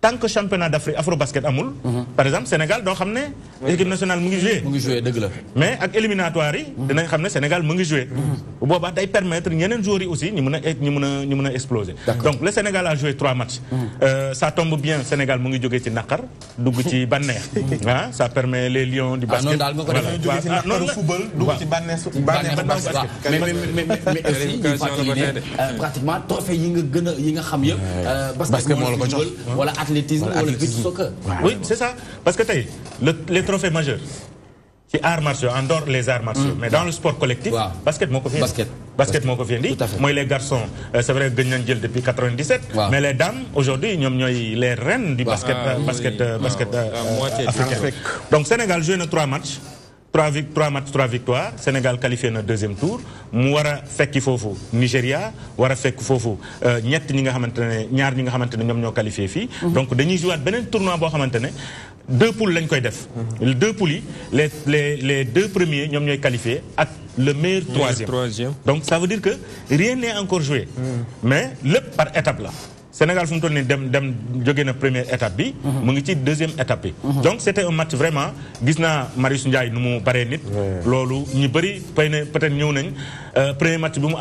tant que championnat d'Afrique afrobasket amul. Mhm. par exemple Sénégal do xamné équipe nationale mu ngi joué. mu ngi la. mais ak éliminatoire yi. Mhm. dinañ xam ne Sénégal mu ngi joué. Mhm. bu boobaa day permettre ñeneen joueurs yi aussi ñu mëna e-, ñu mëna ñu mëna exploser. donc le Sénégal a joué trois matchs. Euh, ça tombe bien Sénégal mu ngi jógee ci Nakar dugg ci bànneex. ah ça permet les lions du ah, basket. ah non, daal nga ko defee ah, noonu football dugg ci bànneex. bànneex mais mais mais mais aussi euh, pratiquement trophée yi nga gëna yi nga xam yëpp. Euh, basket moo la ko jox soccer. oui c'est ça parce que le les trophées majeurs c'est arts martiaux en les arts martiaux. Mm. mais dans le sport collectif. basket mon copain, basket, basket mon dit. dit Moi, les garçons euh, c'est vrai que nañ depuis 97. mais les dames aujourd'hui ils sont les reines du basket ah, basket ah, euh, euh, africain donc Sénégal joue nos trois matchs trois trois matchs trois victoires Sénégal qualifié le deuxième tour Mouara fait a fekki foofu Nigeria, Mouara fait fekk faut euh, ñi nga xamante ñaar qualifié mhm. donc dañuy jouer tournoi à xamante deux poules lañ koy def. Mhm. deux poules les les deux premiers ñoom ñooy qualifié le meilleur troisième donc ça veut dire que rien n'est encore joué. Mhm. mais le par étape là. Sénégal sont mu première étape bi. Mhm. deuxième étape mhm. donc c'était un match vraiment Gisna Marius Ndiaye nu mu avons nit. que ñu bari peut être premier match bi mu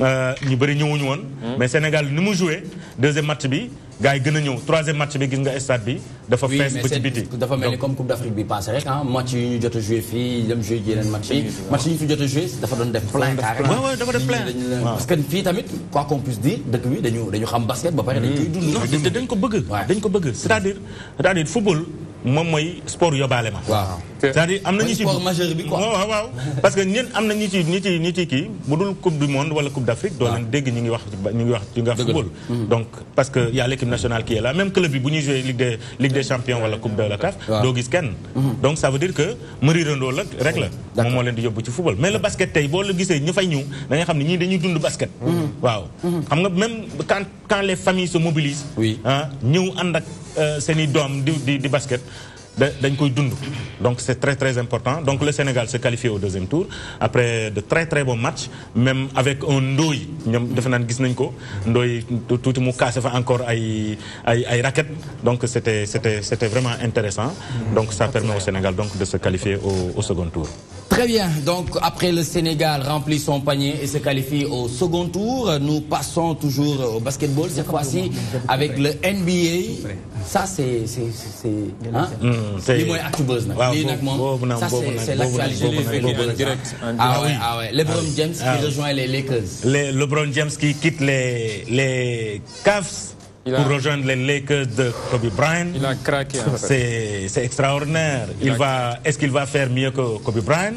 Euh, ñu bëri ñëwuñu woon. mais Sénégal ni mu joué deuxième match bi gars yi gën a ñëw troisième match bi gis nga stade bi. dafa fees ba ci biti dafa mel ni comme Coupe d'Afrique bi passé rek ah, match yi ñu jot a joué fii dem joué yeneen match yi. match yi ñu fi jot a joué dafa doon def plein dafa def plein parce que fii tamit quoi qu'on puisse dire dëkk bi dañu xam basket ba pare dañ hmm. koy dañ ko bëgg. dañ ko bëgg c'est-à-dire c'est-à-dire football. moom mooy sport yóbbaale ma. waaw c'est-à-dire am na ñu ci sport majeur bi quoi waaw waaw parce que ñun am na ñu ci ñu ci ñu ci kii bu dul coupe du monde wala coupe d'Afrique. waaw doo leen dégg ñu ngi wax ñu ngi wax ñu ngi wax football. Mm-hmm. donc parce que y a l'équipe nationale qui est là même club bi bu ñuy jouer ligue des ligue des champions wala coupe de la CAF. doo gis kenn. Mm-hmm. donc ça veut dire que mërirandoo la rek la. moom moo leen di yóbbu ci football mais le basket tey boo la gisee ñu fay ñëw da nga xam ne ñii dañuy dund basket. Mm-hmm. waaw xam nga même quand quand les familles se mobilisent. oui ah ñëw ànd ak. Euh, Seni une di basket koy dund donc c'est très très important donc le Sénégal se qualifie au deuxième tour après de très très bons matchs même avec un Ndoui ñom def nañ gis nañ ko ndoy encore ay ay ay raquettes donc c'était c'était c'était vraiment intéressant donc ça permet au Sénégal donc de se qualifier au second tour Très bien, donc après le Sénégal remplit son panier et se qualifie au second tour, nous passons toujours au basketball, cette fois-ci avec le NBA. Ça c'est... C'est C'est. C'est. Hein? Mm, ça c'est l'actualité. Ah oui, ah ouais. LeBron ah James qui ah rejoint les Lakers. LeBron James qui quitte les, les Cavs pour rejoindre les Lakers de Kobe Bryant. Il a craqué. C'est extraordinaire. Il, va, est-ce qu'il va faire mieux que Kobe Bryant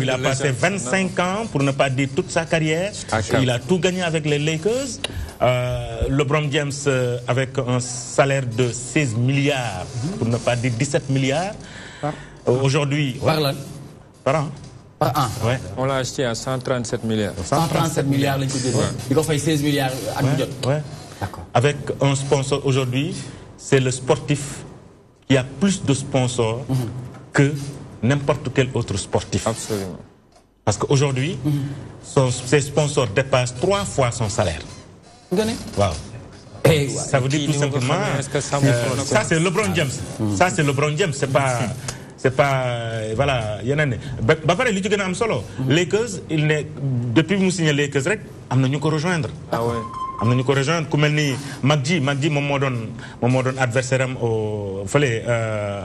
Il a passé 25 ans, pour ne pas dire toute sa carrière. Il a tout gagné avec les Lakers. Euh, LeBron James euh, avec un salaire de 16 milliards, pour ne pas dire 17 milliards. Ah. Euh, aujourd'hui, par, par an. Par an. Ouais. On l'a acheté à 137 milliards. 137, 137 milliards, des Il a fait 16 milliards à avec un sponsor aujourd'hui, c'est le sportif qui a plus de sponsors mhm. que n'importe quel autre sportif. Absolument. Parce qu'aujourd'hui, mhm. ses sponsors dépassent trois fois son salaire. Donnez. Wow. Et ça veut dire tout simplement, euh, ça, c'est LeBron James. Ça c'est LeBron James, c'est pas, c'est pas, voilà, en ba il li ci gën a am solo. Mhm. Lakers il que depuis que vous Lakers rek am na ñu ko rejoindre. Ah ouais am na rejoindre ku adversaire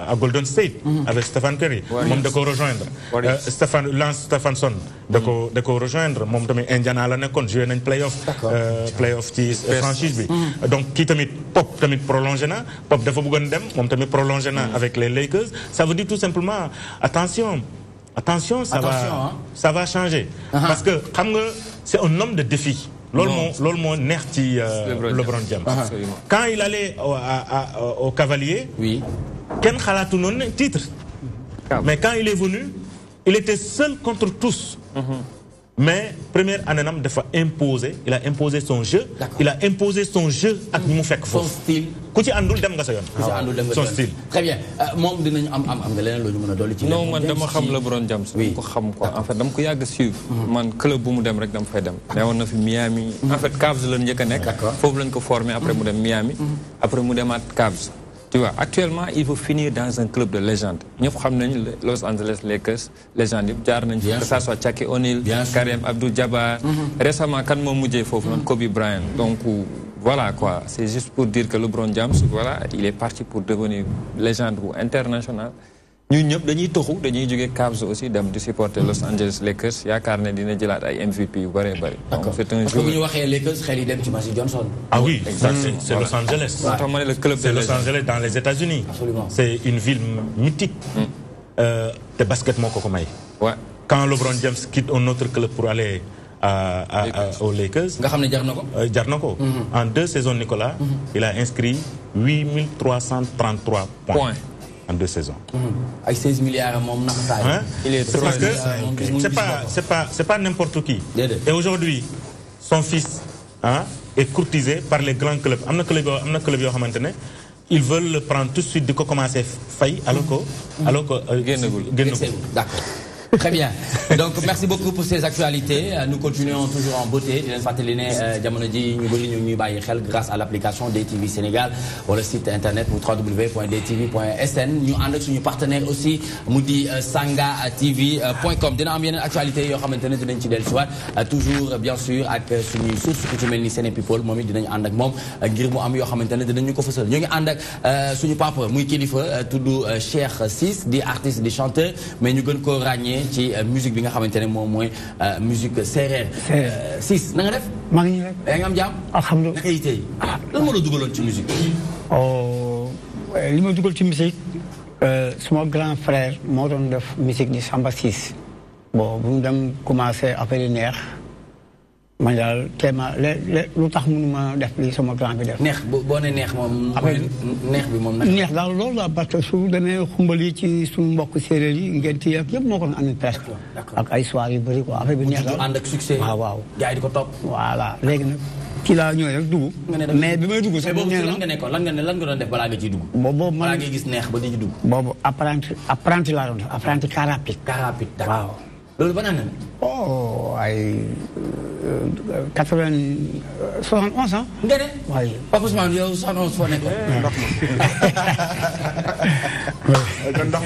à Golden State. Mhm. avec Stéphane Curry. je da rejoindre. Euh, Lance Stephenson. da ko mhm. rejoindre Indiana la playoff. Euh, euh, franchise mhm. donc kii Pop tamit avec les Lakers ça veut dire tout simplement attention. Attention, ça, hein. va, changer. Uh-huh. Parce que c'est un homme de défi. L'homme n'est pas le LeBron James ah, quand il allait au Cavalier oui. Ken titre ah. mais quand il est venu il était seul contre tous mhm mais première année imposer il a imposé son jeu il a imposé son jeu avec ñi son style son style très bien euh, moom dinañu am am am leneen ñu ci non man dama xam LeBron James quoi en fait ko suivre mhm. club bu mu dem rek fay dem Miami en fait Cavs la nek. Je lañ ko formé après mu mhm. dem Miami mhm. après Cavs tu vois, actuellement, il veut finir dans un club de légende. Nous savons Los Angeles Lakers, légende. Que ça soit Chucky O'Neal, Karim Abdou Jabbar. Mhm. Récemment, quand mon mhm. Kobe Bryant. Donc, voilà quoi. C'est juste pour dire que LeBron James, voilà, il est parti pour devenir légende ou international ñun ñëpp dañuy toxu dañuy jógee Cavs aussi dem di supporter Los Angeles Lakers yaakaar ne dina jëlaat ay MVP yu bëree bëri. d'accord c'est un jour bu ñu waxee Lakers xel yi dem ci Magic Johnson. ah oui exactement c'est Los Angeles. waaw tax le club de Los Angeles Los Angeles dans les États-Unis absolument c'est une ville mythique. Hmm. Euh, te basket moo ko ko may. waaw quand LeBron James quitte un autre club pour aller. Euh, à, à aux Lakers. Nga xamné jarnako? Euh, jarnako. Hmm. En deux saisons Nicolas, hmm. il a inscrit 8333 points en deux saisons. Mm-hmm. Avec 16 milliards, hein? il est parce que c'est pas, pas, pas n'importe qui. Et aujourd'hui, son fils hein, est courtisé par les grands clubs. Ils veulent le prendre tout de suite de commencer failli alors que, mm-hmm. alors que, euh, D'accord. Très bien. Donc, merci beaucoup pour ces actualités. Euh, nous continuons toujours en beauté. di leen fàttali ne euh, jamono ñu xel grâce à l'application DTV Sénégal ou le site internet www.dtv.sn ñu ànd ak suñu partenaire aussi mu di euh, sanga TV.com. point dina am yeneen actualité yoo xamante ne dinañ ci dellusiwaat toujours bien sûr avec suñuy source ku ci mel ni Sénépeople People, Momi, dinañ ànd ak moom ngir mu am yoo xamante ne dinañu ko fësal ñu ngi ànd ak suñu papa muy kilifa tudd Cheikh six di artiste des chanteur mais ñu gën koo la euh, musique bi nga xamantene ne moy euh, musique séeréer. six euh, na nga def. ma ngi rek nga am ah. ci musique. Oh, eh, li ci musique. grand frère mo def musique ni Samba bon bu dem commencer après man daal téema lu tax mënuma def li sama grand bi def. neex boo ne neex moom. neex bi moom neex daal loolu la parce que su demee xumbali ci su mbokk séeréer yi ngeen yi ak yëpp moo ko doon amee presque. ak ay yu bëri quoi affaire bi neex daal ànd ak succès. waaw waaw gars yi di ko topp. voilà léegi nag. ci laa ñëwee rek mais bi may dugg sax. boobu lan nga nekkoon lan nga ne lan nga doon def balaa nga ciy dugg. boobu man balaa ba di ci dugg. boobu apprenti apprenti laa doon def apprenti car rapide. car oh ay euh, quatre vingt soixante onze ah. nga waaye Pape Ousmane yow soixante onze foo nekkoon. Eh, ndox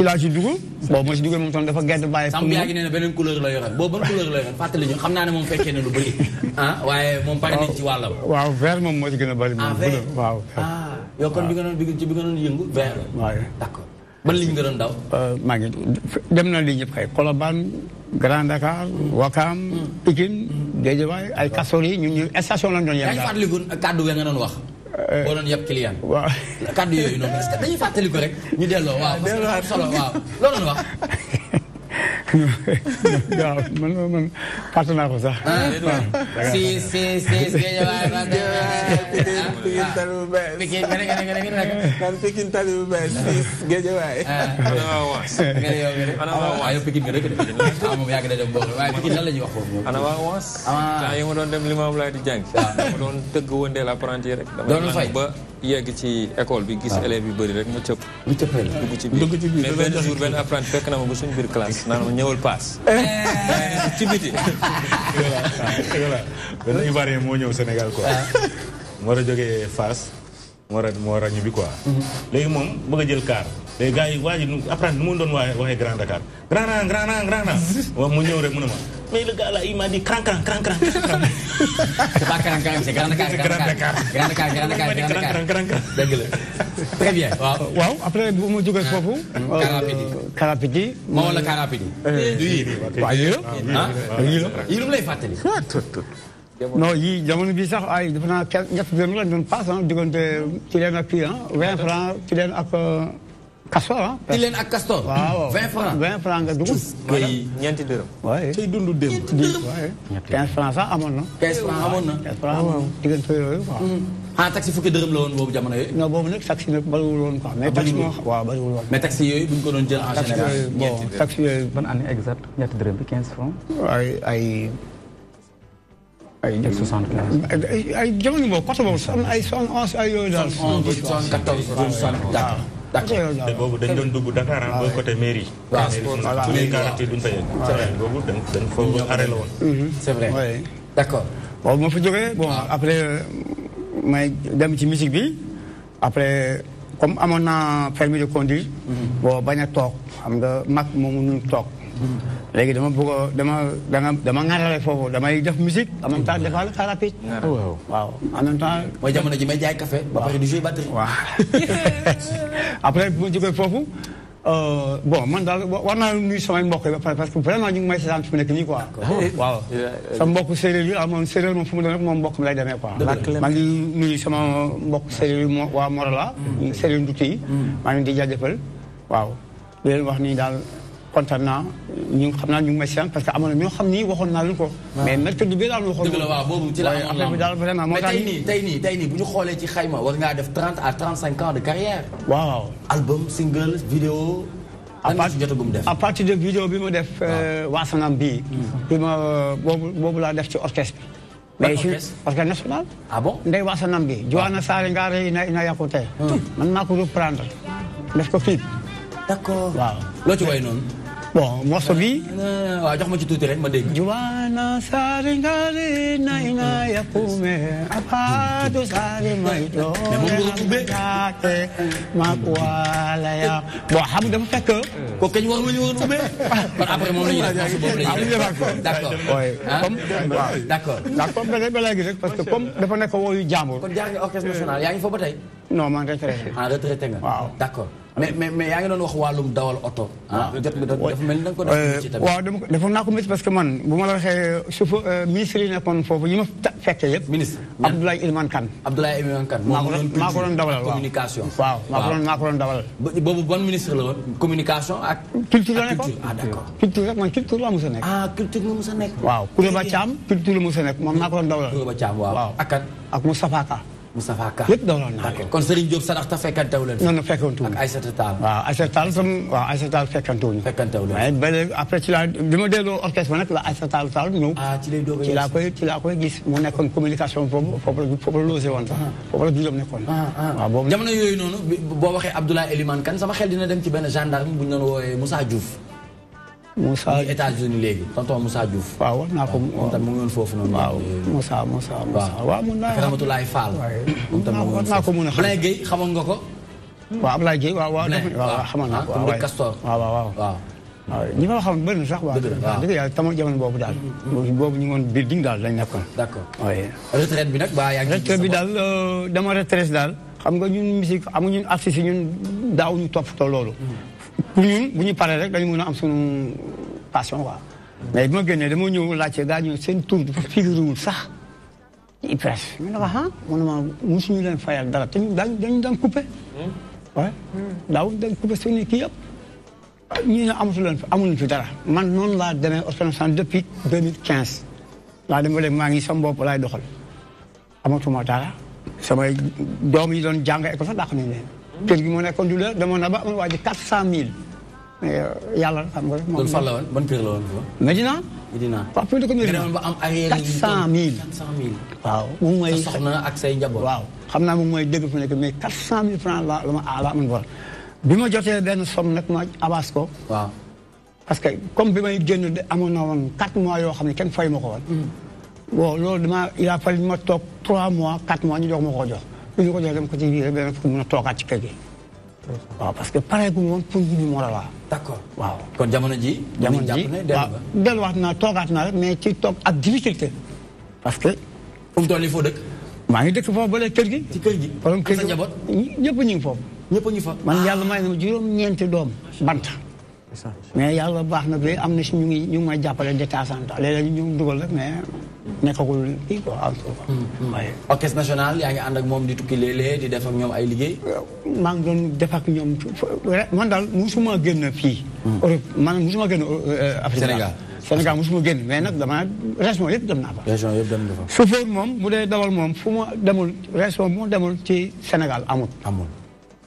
la ñu hmm. moom tam ne beneen la naa ne moom fekkee na lu bëri. Ah, moom waaw vert moom moo ci gën a bëri. moom ah, waaw. ah yow kon bi nga doon bi ci bi nga doon yëngu vingt la. waaw d'accord ban ligne nga doon daw. Euh, maa dem na ligne yëpp kay Colobane Grand Dakar. Wakam hmm. Pikine. Hmm. Guédiawaye ay Kasori ñun ñu station lañ doon yem. daal yaa ngi fàttaliku kàddu nga doon wax. Euh, boo doon yab client. waaw kàddu yooyu noonu est-ce que rek. ñu delloo waaw parce wax. waaw man man fàtte naa ko sax. si si si si géejawaay ba géejawaay. pikin gën a gën a gën a gën. naan pikin tali bu bees si géejawaay. ana waa waas pikin nga dëkk de. moom yàgg na dem boobu waaye pikin lan la ñuy wax foofu moom. ana waa waas. temps yi ma doon dem li ma am laay di jàng. waaw dama doon tëgg wëndeel apprenti rek. doon fay dama ba. yegg ci école bi gis ah. élèves yu bëri rek ma cëpp dugg ci biir mais benn jour benn apprenti fekk na ma ba suñu biir classe naan ma ñëwal paas eh. ci biti voilà benn Ivoirien moo ñëw Sénégal ko ah. moo war a jógee Fass moo war a moo war a mm-hmm. léegi moom bëgg a jël car léegi gars yi waa ji apprenti nu mu doon waaye waxee Grand Dakar grand grand grand mu ñëw rek mu ne ma Mais le gars là, il m'a dit cran cran cran cran. C'est pas cran cran, c'est grand Dakar. Grand Dakar. Grand Dakar, Grand Dakar, Grand Dakar. Cran cran cran. la. Très bien. Waaw. après bu ma jógee foofu. Waaw yooyu. Ah. Yii lu lay fàttali. Ah, non yii jamono bi sax ay dafa naa ah, ak kii ah, kastoor ah. tileen ak kastoor. waaw 20 francs 20 francs nga dugg. kay ñeenti dërëm. waaye tey dundu démb. ñeenti dërëm waaye. 15 francs sax amoon na. 15 francs amoon na. 15 francs amoon na diggante yooyu quoi. Mm-hmm. ah taxi fukki dërëm la woon boobu jamono yooyu. non boobu nag taxi nag bariwul woon quoi. mais ah, taxi moo waaw bariwul woon. mais taxi yooyu bu ko doon jël en général. ñeenti dërëm taxi yooyu ban année exact ñeenti dërëm bi 15 francs. ay ay. ay ay ay jamono boobu côté boobu sax ay 71 ay yooyu daal. 71 74 74. boobu dañ doon dugg Dakar ah booy côté mairie. waaw voilà léegi waaw léegi duñ fa yegg. waaw waaw boobu dañ dañ foofu arrêté la woon. Mhm. c'est vrai oui d'accord. ma fa jógee bon après euh, may dem ci musique bi après comme amoon naa permis de conduire. Mhm. bon bañ a toog xam nga mag moomu ñu toog. léegi dama bëgg a dama dama dama ŋarale foofu damay def musique en mu ta defal ça rapide. waaw waaw en ta temps. jamono ji may jaay café. ba pare di jouer batterie. waaw après bu ma jógee man daal war naa nuyu samay mbokk yi ba pare ñu ngi may seetaan fi mu nekk nii ko waaw eh, eh, eh, sa mbokk yi ah moom séeréer mu demee moom mbokk mi lay demee quoi. maa ngi sama mbokk séeréer yi waa Morola. séeréer mm. Nduti yi. Mm. maa ngi di waaw di leen wax nii daal. kontaan naa xam naa ñu ngi may parce que amoon na xam ni waxoon naa leen ko. mais mercredi bi daal waxoon. dëgg la waaw boobu ci bu ñu xoolee ci xayma war ngaa def trente à trente cinq ans de carrière. waaw album single vidéo. à partir à partir de vidéo bi ma def. waasanam euh, bii. Hmm. bi ma euh, boobu boobu laa def ci orchestre. mais si parce que national. ah bon ndey waasanam bi. waaw ah. Joana Saare Ngaare ina ina yàqute. Hmm. man maa ko reprendre def ko clip. d'accord bon morceau bi. waaw ah, jox ma ci tuuti rek ma dégg. juwaana saari ngaari na ina yakume a saari mayto. ma kuwaala ya. bon xam nga fekk. ko kañ wax ñu woon ubbee. kon après moom la ñuy def boobu la ñuy def d'accord ah? comme waaw d'accord. comme da ngay ba parce que comme dafa nekk wooyu jàmbur. kon jaar nga orchestre national yaa ngi foofu ba tey. non man retraité. ah waaw mais mais mais yaa ngi doon wax ah, ah. dafa mel euh, naa ko métti parce que man bu ma la waxee euh, chauffeur euh, ministre yi nekkoon foofu fekkee yëpp. ministre Abdoulaye Elimane Kane. Abdoulaye Elimane Kane. maa ko waaw maa ko doon boobu ban ministre la culture la nekkoon ah, man culture la mos a nekk. ah culture la mos a nekk. waaw Koureba eh. Thiam culture la mos a nekk moom maa ko doon waaw ak kan Moustapha Ka yëpp dawloon naa leen kon Serigne Diop Sadax ta fekkantew leen. non non fekkantewul ak Aïssata Tall. waaw après ci laa bi ma delloo orchestre nag la Aïssata Tall ñëw. ah ci lay doog ci laa koy ci laa koy gis mu communication foofu foofu la foofu la logé ah, ah. la Diop nekkoon. Ah, waaw boobu jamono yooyu noonu boo sama xel dina dem ci benn gendarme bu ñu Moussa Diouf États-Unis léegi tonton Moussa Diouf. waaw wax naa ko moom tam mu ngi woon foofu noonu. waaw Moussa Moussa Moussa waaw mun naa. Ramatoulaye Fall. xamoon nga ko. waaw Ablaye Gueye waaw waaw. waaw xamoon naa ko ah, waaw waaw Castor. waaw waaw waaw. waaw ñi ma xam bëri na sax waaw dëgg yàlla tamo jamono boobu daal mm-hmm. boobu ñu ngoon building daal lañ nekkoon d'accord retraite bi nag ba yaa ngi bi daal euh, dama retraite daal xam nga ñun musique amu ñun artistes yi ñun daawuñu toppatoo loolu mm-hmm. pour bu ñu paree rek dañu mën a am sunu passion quoi mais bi ma génnee dama ñëw laajte gaa ñu seen tur figurewul sax ci IPRES. ma ne ko ah man mosuñu leen fayal dara te ñun daañu dañu daan coupé. waaw hmm. daaw dañ coupé seen kii yëpp. Ah, ñu ne amatu leen amuñu fi dara man noonu laa demee organisation depuis 2015 laa dem ba léegi maa ngi sama bopp laay doxal amatuma dara samay doom yi doon jàng école sax dàq nañ kër gi moo nekkoon du la demoon ba amul waa ji quatre cent mille. Euh, yàlla xam nga. la woon ban kër la woon. Medina. Medina waaw plus de commune ba am arrière quatre cent mille. quatre cent mille. waaw moom mooy soxna ak say njaboot. waaw xam naa moom mooy dëgg fu nekk mais cent mille francs la la ma la amoon bor bi ma jotee benn somme nag ma abaas ko. waaw parce que comme bi may génn de amoon na woon quatre mois yoo xam ne kenn fay ma ko woon. Mm. bon loolu dama il a fallu ma toog trois mois quatre mois ñu jox ma ko jox. bu ñu ko jëlee dem ko ci biir beneen pour mën a toogaat ci kër gi. waaw parce que pare gu ñu woon pour ñu mën a la. d'accord waaw. kon jamono ji jamono ji waaw delluwaat naa toogaat naa rek mais ci toog ak difficulté. parce que. fu mu toll nii foo dëkk. maa ngi dëkk foofu ba léegi kër gi. ci kër gi kon kër gi ñëpp ñu ngi foofu. ñëpp ñu ngi fa. man yàlla may na ma juróom-ñeenti doom bant. mais yàlla baax na ba am na si ñu ngi ñu ngi may jàppale de temps en temps léeg-léeg ñu ngi dugal rek mais nekkagul kii quoi en tout cas. Mm, mm. orchestre national yaa ngi ànd ak moom di tukki léeg di def ak ñoom ay liggéey. Euh, maa ngi ak ñoom man daal musuma génn fii. Mm. Europe man musuma génn euh, euh, Afrique. Sénégal Sénégal musuma génn mais nag dama région yëpp dem naa fa. région yëpp dem na moom mu dee dawal moom fu ma demul région bu ma demul ci Sénégal amul. amul.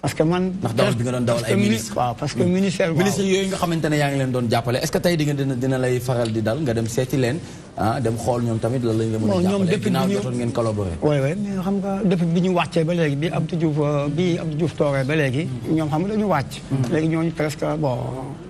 parce que man. ndax dawal bi nga doon dawal ay ministre waaw parce que ministère. ministre yooyu nga xamante ne yaa ngi leen doon jàppale est ce que tey di nga dina lay faral di dal nga dem seeti leen ah, dem xool ñoom tamit lan lañ la a. jàppale ginnaaw jotoon ngeen collaboré. oui oui xam nga depuis bi ñu wàccee ba léegi bi Abdou Diouf euh, bi ba léegi. ñoom xam dañu wàcc. Hmm. léegi ñooñu presque bon.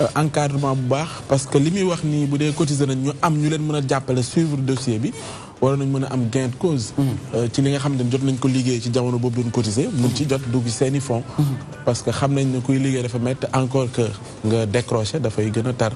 Euh, encadrement bu baax parce que li muy wax ni bu dee cotiser nañ ñu am ñu leen mën a jàppale suivre dossier bi wala nañ mën a am gain de cause mm. euh, ci li nga xam ne jot nañ ko liggéey ci jamono boobu doon cotiser mm. mun ci jot dugg seeni fonds mm. parce que xam nañ ne kuy liggéey dafa métti encore que nga décroché dafay gën a tar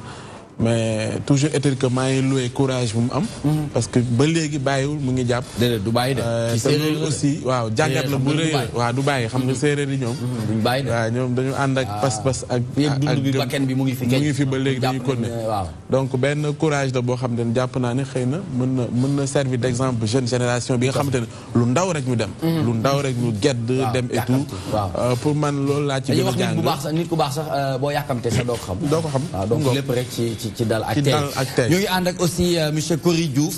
mais toujours est-il que maa ngi courage bu mu am. Mhm. parce que ba léegi bàyyiwul mu ngi jàpp. de du bàyyi de. Euh, te loolu aussi waaw jàngat la bu rëy waaw du bàyyi xam nga mhm. séeréer yi ñoom. Mhm. duñ bàyyi de ñoom dañu ànd ak ah. pas-pas ak. ak ak dund bi bi mu ngi fi. mu ngi fi ba léegi dañuy continuer donc ben courage de boo xam ne jàpp naa ne xëy mën mën na servir d'exemple jeune génération bi nga xamante lu ndaw rek ñu dem. Mm-hmm. lu ndaw rek ñu gedd dem et tout. Euh, pour man lool la ci gën a jàng. nit ku baax sax nit ku baax sax euh, boo yàkkamte sax doo ko xam. doo ko xam donc lépp rek ci ci ci dal ak tey. ñu ngi ak aussi euh, monsieur Cory Diouf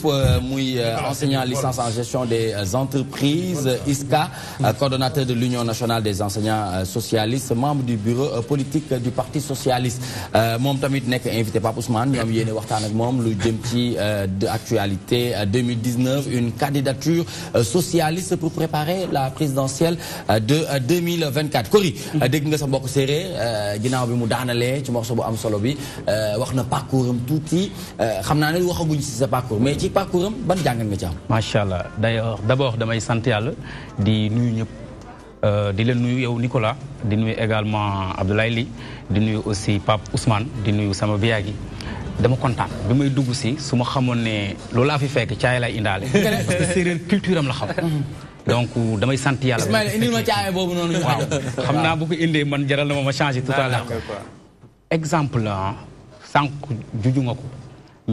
muy enseignant licence en gestion des entreprises ISCA mm-hmm. coordonnateur de l'union nationale des enseignants socialistes membre du bureau politique du parti socialiste mom tamit nek invité Pape Ousmane ñu am yéene waxtaan ak moom lu jëm ci euh, de actualité 2019 euh, une candidature euh, socialiste pour préparer la présidentielle de 2024 Cory dégg nga sa mbokk séeréer ginnaaw bi mu daanalee ci morceau bu am solo bi wax na parcours am tuuti xam naa ne waxaguñ si sa parcours mais ci parcours ban jàngat nga ci am macha d'ailleurs d'abord damay sant yàlla di nuyu ñëpp di leen nuyu yow Nicolas di nuyu également Abdoulaye Ly di nuyu aussi Pape Ousmane di nuyu sama biyaag yi dama kontaan bi may dugg si su ma xamoon ne loolu laa fi fekk caay lay indaale. parce que séeréer culture am la xam. donc damay sant yàlla. Mais indil ma caay boobu noonu. waaw xam naa bu ko indee man jaral na ma ma changé tout à l'heure exemple la sànq juju nga ko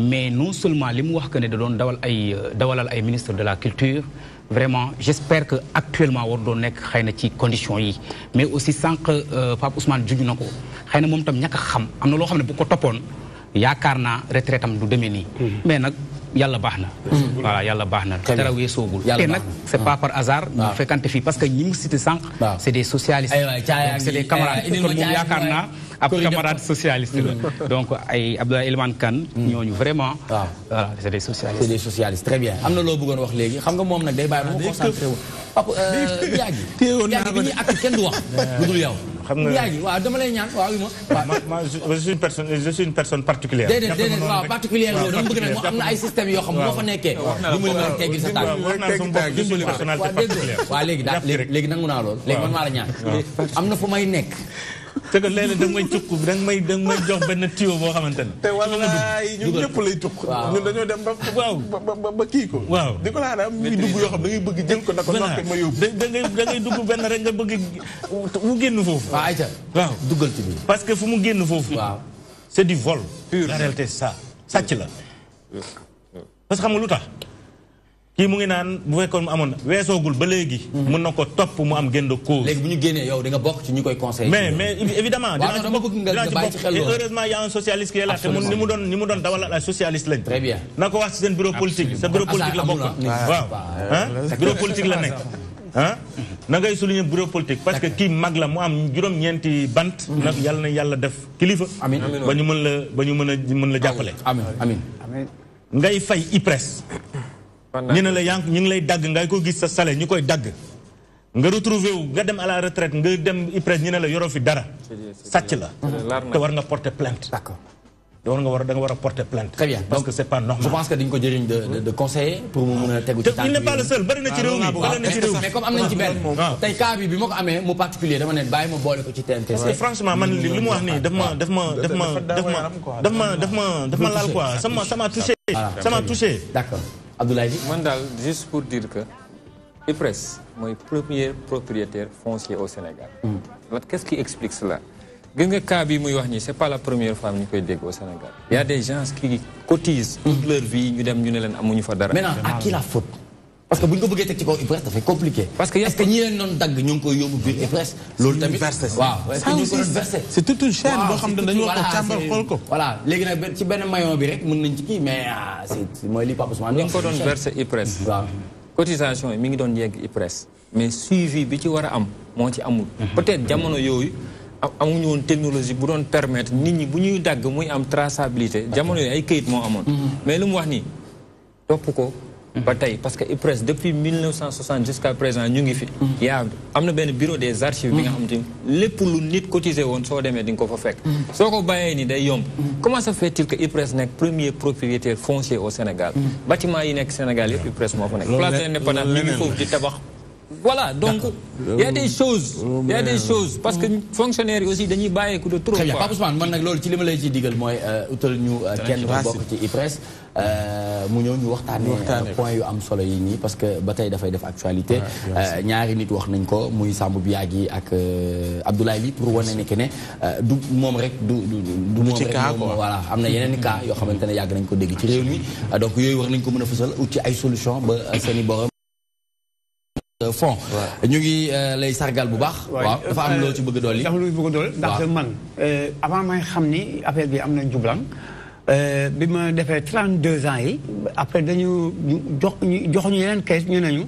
mais non seulement li mu wax que ne da doon dawal ay dawalal ay ministre de la culture. vraiment j'espère que actuellement war doon nekk xëy na ci condition yi mais aussi sànq euh, Pape Ousmane juju na ko xëy na moom tam ñàkk a xam am na loo xam ne bu ko toppoon yaakaar naa retraite am du demee nii. Mhm. mais nag yàlla baax na. Mhm. voilà yàlla baax na dara weesoogul. et nag c' est pas par hasard. ñu fréquenté fii parce que ñi mu cité sànq. c' est des socialistes. donc c' est des camarades kon eh, eh, moom yaakaar naa ab camarade socialiste la. Mhm. donc ay Abdoulaye Elimane Kane. ñooñu vraiment. waaw voilà c' est des socialistes. c' est des socialistes très bien am na loo bëggoon wax léegi xam nga moom nag day bàyyi mu ah, concentré wu. papa euh, yaa ngi téewoon naa ba bi ñuy kenn du wax lu dul yow. xam nga yaa ngi waaw dama lay ñaan waaw ma. ma je suis une personne je suis une personne particulière. déedéet déedéet waaw particulière yow dama bëgg nag mu am na ay systèmes yoo xam boo fa nekkee. dimbali ma rek teggil sa tànk. waaw waaw waaw léegi daal léegi nangu naa lool léegi man maa la ñaan am na fu may nekk te que léeg-léeg da nga may cukk da nga may da nga may jox benn tuyau boo xamante ne. te walaay ñun ñëpp lay cukk. ñun dañoo dem ba. waaw ba ba kii ko. waaw di ko laata dugg yoo xam da ngay bëgg jël ko naka ndox ma yóbbu. da ngay da ngay dugg benn rek nga bëgg mu génn foofu. waaw ayca waaw duggal ci parce que fu mu génn foofu. waaw c'est di vol. pur la réalité c'est sàcc la. parce que xam nga lu tax. kii mu ngi naan bu fekkoon mu amoon weesoogul ba léegi. Mhm. mun na ko topp mu am génn cause. léegi ñu génnee yow da nga bokk ci ñu mais mais évidemment dinaa ci bokk dinaa ci bokk et ko wax ci seen bureau politique. sa bureau ah, politique la bokk waaw ah bureau politique la nekk. na ngay souligner bureau politique parce que kii mag la mu am juróom-ñeenti bant. Mhm. nag yàlla na yàlla def kilifa. amiin ba ñu mën la ba ñu mën a mën la jàppale. amiin amiin ngay fay IPRES nous ne la yaa lay nga ko sa salaire koy dem à la retraite porter plainte d'accord porter plainte très parce que c'est pas normal je pense que de de conseiller pour il n'est pas le seul mais comme ah, ah. particulier franchement man ça m'a touché ça m'a touché d'accord Abdoulaye juste pour dire que IPRES moy premier propriétaire foncier au Sénégal. Hmm. qu'est-ce qui explique cela. Quand nga cas wax c'est pas la première fois qui koy dégg au Sénégal. Il y a des gens qui cotisent. toute leur vie ñu dem ñu maintenant à qui la faute parce que buñ ko bëggee teg ci kaw IPRES dafay compliqué. parce que est-ce que ñi leen doon dagg ñu ngi koy yóbbu biir IPRES. loolu tamit waaw est-ce que ñu ngi ko doon versé. c'est toute une chaîne boo xam ne dañu ko càmbar xool ko. voilà léegi nag ci benn maillon bi rek mën nañ ci kii mais ah c'est mooy li Pape Ousmane ñu ngi ko doon versé IPRES. waaw cotisation yi mi ngi doon yegg IPRES. mais suivi bi ci war a am moo ci amul. Mhm. peut-être jamono yooyu. amuñu woon technologie bu doon permettre nit ñi bu ñuy dagg muy am traçabilité. jamono yooyu ay këyit moo amoon. Mhm. mais lu mu wax nii topp ko Mm-hmm. ba parce que IPRES depuis 1960 jusqu'à présent ñu ngi fi. Mm-hmm. ya amna na benn bureau des archives. bi nga xam tim lepp lu nit cotisé won so démé di nga ko fa fek mm-hmm. soko bayé ni day yomb. comment ça fait-il que IPRES nek premier propriétaire foncier au Sénégal. bâtiment yi nek Sénégal yëpp IPRES moo fa nekk. loolu pas indépendante ñu ngi di tabax. Voilà, donc il y a des choses, il y a des choses, parce que fonctionnaires aussi dañuy ko de trop. quoi bien, Pape Ousmane man nak loolu ci li ma lay ciy digal mooy euh, utal ñu euh, kenn bokk ci IPRES Euh, mu ñëw ñu waxtaanee point yu am solo yi nii parce que ba tey dafay def actualité euh, ñaari nit wax nañ ko muy Sambou Biagi ak euh, Abdoulaye yi pour wane ne que ne du moom rek du du moom rek voilà am na yeneen ka yoo xamante ne yàgg nañ ko dégg ci réew mi donc yooyu war nañ ko mën a fësal ut ci ay solution ba seeni i borom ñu ngi lay sargal bu baax waaw dafa am loo ci bëgg dool yi dafa lu bëgg dool ndax man avant may xam ni affaire bi am na jublan Euh, bi ma defee 32 ans yi après dañu jox ñu jox ñu yeneen kayit ñu nañu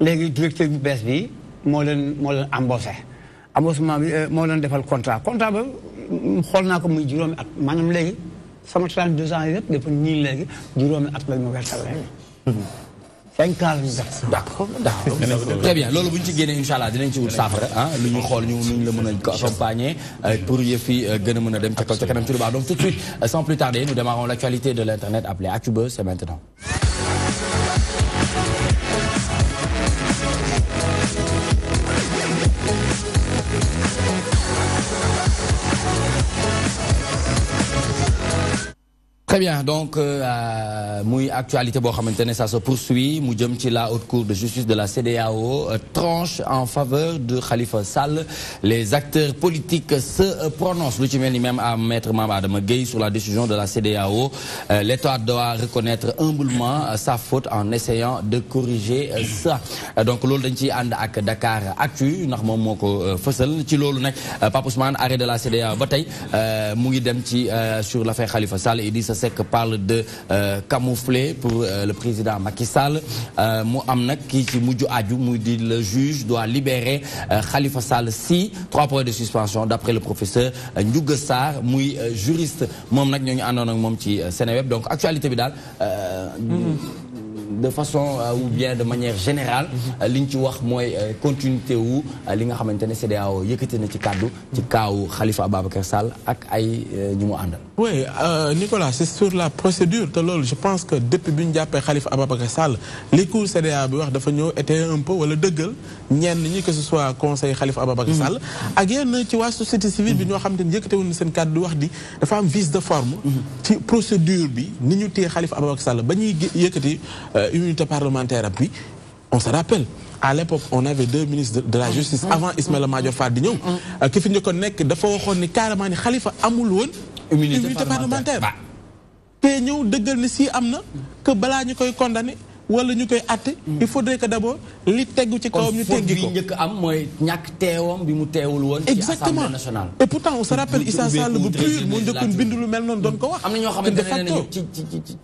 léegi directeur bu bees bi moo leen moo leen embauché embauchement bi euh, moo leen defal contrat contrat ba mm, xool naa ko muy juróomi at maanaam léegi sama 32 ans yi yëpp dafa ñii léegi juróomi at la ñu wersal léegi mm-hmm. D'accord, très bien accompagner euh, pour euh, donc tout de suite euh, sans plus tarder nous démarrons la qualité de l'Internet appelé « appelée c'est maintenant très bien donc euh, moui actualité ça se poursuit mu Tila, la haute cour de justice de la CDAO euh, tranche en faveur de Khalifa Sall les acteurs politiques se prononcent lui ci même à maître Mamad Adama sur la décision de la CDAO euh, l'État doit reconnaître humblement sa faute en essayant de corriger ça donc loolu dañ ciy Dakar Actu normalement moom moo Tilo fësal ci arrêt de la CEDEAO Bataille, tey sur l'affaire Khalifa Sall et dit qui parle de euh, camoufler pour euh, le président Macky Sall qui euh, am le juge doit libérer Khalifa Sall si trois points de suspension d'après le professeur Ndiouga juriste Mom nak ñu donc actualité bi mm-hmm de façon euh, ou bien de manière générale mhm. euh, li moi ci wax euh, continuité wu li nga xamante CDAO CEDEAO Khalifa Ababakar Sall ak ay oui Nicolas c'est sur la procédure je pense que depuis le Khalifa Ababakar Sall les cours bi wax un peu le ñenn ñi que ce soit conseil Khalifa Ababacar mm-hmm. Sall. ak yenn ci wa société civile bi mm-hmm. ñoo xam te ne yëkkatewuñu seen kàddu wax di dafa am vice de forme. Mm-hmm. ci procédure bi ni ñu téye Khalifa Ababacar Sall ba ñuy yëkkati euh, immunité parlementaire bi on se rappelle. à l'époque on avait deux ministres de la justice avant Ismaël Madior Fall di ñëw euh, ki fi njëkkoon nek dafa waxoon ni carrément ni Khalifa amul won immunité parlementaire té ñew deugël ni si amna que bala ñukoy koy condamné wala ñu koy atté hmm. il faudrait que d'abord li téggu ci kawam ñu teggi ko kon njëkk am moy ñak téewam bi mu téewul woon. ci assemblée nationale et pourtant on se rappelle Issa Sall bu pur moo njëkkoon bind lu mel non doon ko wax. am na ñoo xamante ci ci ci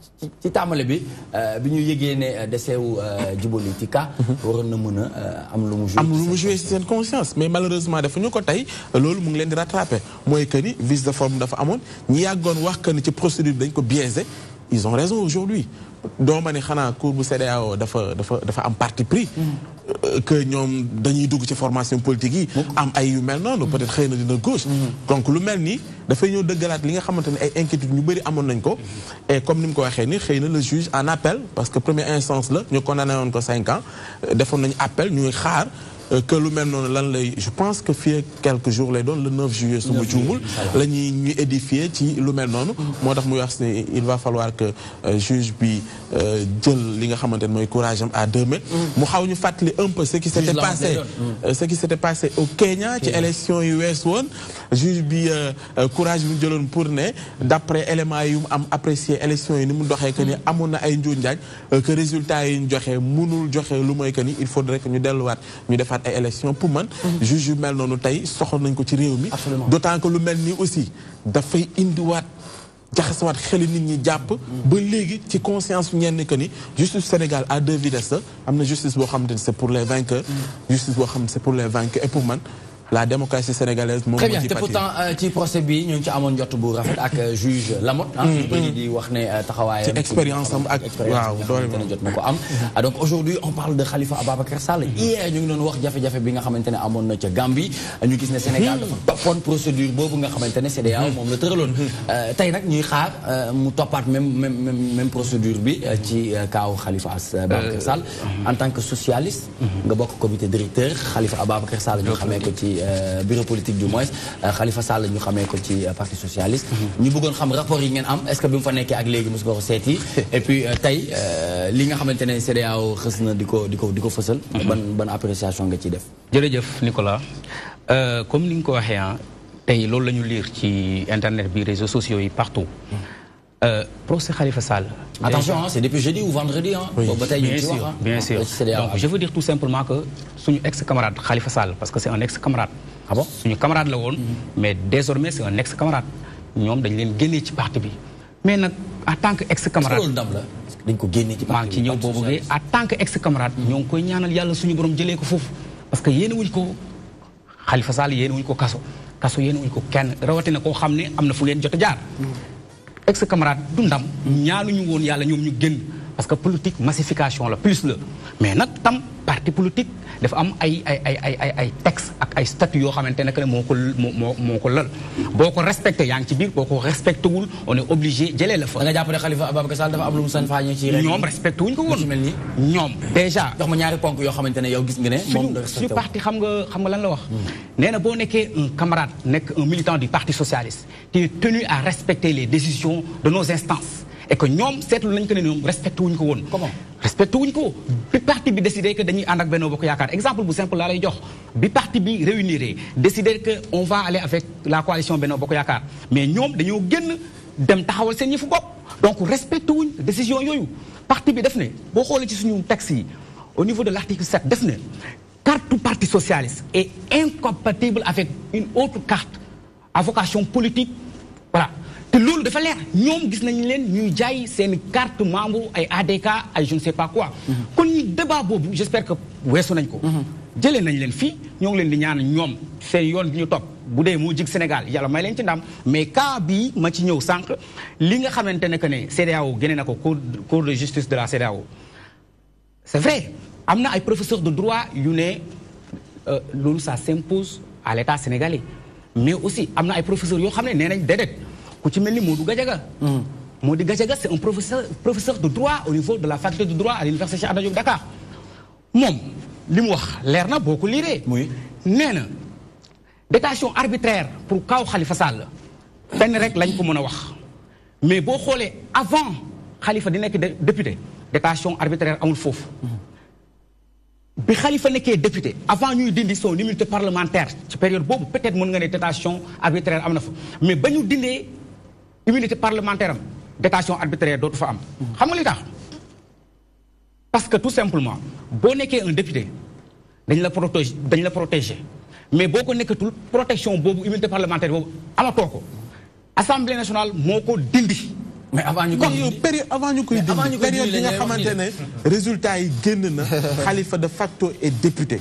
ci tamalé bi euh, bi ñu yégué né deseewu jubali ci cas. waroon na mën am lu euh, mu jouer am lu mu joué ci sen conscience mais malheureusement ñu ko tay lolu mu ngi leen di rattraper moy que ni vis de forme dafa amone ñi yagone wax que ni ci procédure dañ ko biaisé ils ont raison aujourd'hui dooma ni xanaa cour bu CEDEAO dafa dafa dafa am parti pris mm. que ñoom dañuy dugg ci formation politique yi am ay yu mel noonu peut-être xëy na dina gauche mm. donc lu mel nii dafay ñëw dëggalaat li nga xamante ne ay inquiétude ñu bëri amoon nañ ko et comme ni mu ko waxee ni xëy na la juge en appel parce que première instance la ñu condamné woon ko cinq ans defoon nañu appel ñuy xaar Euh, que lu même non lan lay je pense que fii quelques jours les donne le 9 juillet sur ma lañi ñu édifier ci lu mel non moo muy wax ni il va falloir que euh, juge bi djel euh, li nga xamantene moy courage à deux mains mm. mu xaw ñu un peu ce qui s'était passé mm. ce qui s'était passé au Kenya ci élection us one juge bi courage bi mu pour né d'après éléments yu am apprécié élection yi ni mu doxé que ni mm. amuna na ay que résultat yi ñu joxe mënul joxe lu moy que ni il faudrait que ñu delluwaat ñu defaat defaat ay élection pour man mhm. juge yu mel noonu tey soxla nañ ko ci d'autant que lu aussi nii aussi dafay indiwaat jaxasawaat xeli nit ñi jàpp mhm. ba léegi ci conscience ñenn que ni justice Sénégal à deux vitesses am justice boo xam c'est pour les vainqueurs mhm. justice boo xam c'est pour les vainqueurs et pour man la démocratie sénégalaise moom. très bien te pourtant euh, ci procès bi ñu ci amone jot bu rafet ak euh, juge Lamotte. Ah, ñu mm-hmm. bëri di wax né euh, taxawaayam. ci expérience am ak waaw doole moom jot na am. Mm-hmm. Ah, donc aujourd'hui on parle de Khalifa ababakar Sall. Mm-hmm. hier ñu ngi non wax jafé jafé bi nga xamante ne amoon na ci Gambie. ñu gis né Sénégal dafa toppoon procédure bobu nga xamante cda mom moom la tëraloon. tey nag ñuy xaar mu topat même même même procédure bi ci kaaw Khalifa Ababacar Sall. en tant que socialiste. nga bok comité directeur Khalifa ababakar Sall ñu xamé ko ci. Euh, bureau politique du moins euh, Khalifa Sall ñu xamee ko ci euh, parti socialiste. Mhm. ñu bëggoon xam rapport yi ngeen am est-ce que bi mu fa nekkee ak léegi mos nga ko seeti et puis tey li nga xamante ne CEDEAO xës na di ko di ko di ko fësal. Mhm. ban ban appréciation nga ciy def. jërëjëf Nicolas comme ni nga ko waxee ah tey loolu la ñu lire ci internet bi réseaux sociaux yi partout. Mhm. Euh, procès Khalifa Sall. Attention, hein, c'est depuis jeudi ou vendredi. Hein, bataille hein. je veux dire tout simplement que son ex-camarade Khalifa Sall, parce que c'est un ex-camarade. Ah Son camarade mm-hmm. mais désormais c'est un ex-camarade. Nous sommes parti. Mais en tant qu'ex-camarade. tant que camarade. Mm-hmm. Nous, parce que Khalifa Sall est wuñ ko ex camarade du ndam ñaanuñu woon yàlla ñoom ñu génn parce que politique massification la plus le mais nak tam parti politique dafa am ay ay ay ay ay ay texte ak ay statut yo xamantene que moko moo ko lal boko respecter yang ci bir boko ko wul on est obligé jëlee la fa. da nga jàpp Khalifa ababakar Sall dafa am lu mu san ñi ci ñom respecté wuñ ko woon déjà. dox ma ñaari ponk yo xamantene yow gis nga né mom la parti xam nga xam nga lan la wax. Hmm. nee na boo nekkee un camarade nekk un militant du parti socialiste tu es tenu à respecter les décisions de nos instances et que nous, seetlu nañ ko ne ñoom respecté wuñ ko woon. comment respecté wuñ ko. bi parti bi décidé que dañuy ànd ak Benno Bokk Yaakaar exemple bu simple laa lay jox bi parti bi réunir décidé que on va aller avec la coalition Benno Bokk Yaakaar mais ñoom dañoo génn dem taxawal seen yëfu bopp donc respecté wuñ décision yooyu parti bi def ne boo xoolee ci suñu texte yi au niveau de l'article 7 def ne carte parti socialiste est incompatible avec une autre carte à vocation politique voilà te loolu dafa leer ñoom gis nañ leen ñuy jaay seen carte membre ay ADK ay je ne sais pas quoi. kon débat boobu j' espère que weesu nañ ko. jëlee nañ leen fii ñoo ngi leen di ñaan ñoom seen yoon bi ñu topp bu dee moo jig Sénégal yàlla may leen ci ndam mais cas bi ma ci ñëw sànq li nga xamante ne que ne CEDEAO génne na ko cour de justice de la CEDEAO c' est vrai am na ay professeurs de droit yu ne euh, loolu ça s'impose à l' état sénégalais mais aussi am na ay professeurs yoo xam ne nee nañ déedéet ku ci mel ni Modou Gadiaga. Hmm. Modou Gadiaga c'est un professeur professeur de droit au niveau de la faculté de droit à l'université de Dakar Mom, li mu wax leer na boo ko oui détention arbitraire pour kaw Khalifa Sall. fenn rek lañ ko mën wax mais boo xoolee avant Khalifa di nekk député détention arbitraire amul foofu. Hmm. bi Khalifa nekkee député avant ñuy dindi son immunité parlementaire ci période peut-être mon nga ne détention arbitraire à na mais ba ñu dindee immunité parlementaire détention arbitraire d'autres femmes. parce que tout simplement vous un député vous le protéger Mais si vous mais une toute protection de immunité parlementaire assemblée nationale moko dindi. mais avant ñu avant résultat yi Khalifa de facto est député.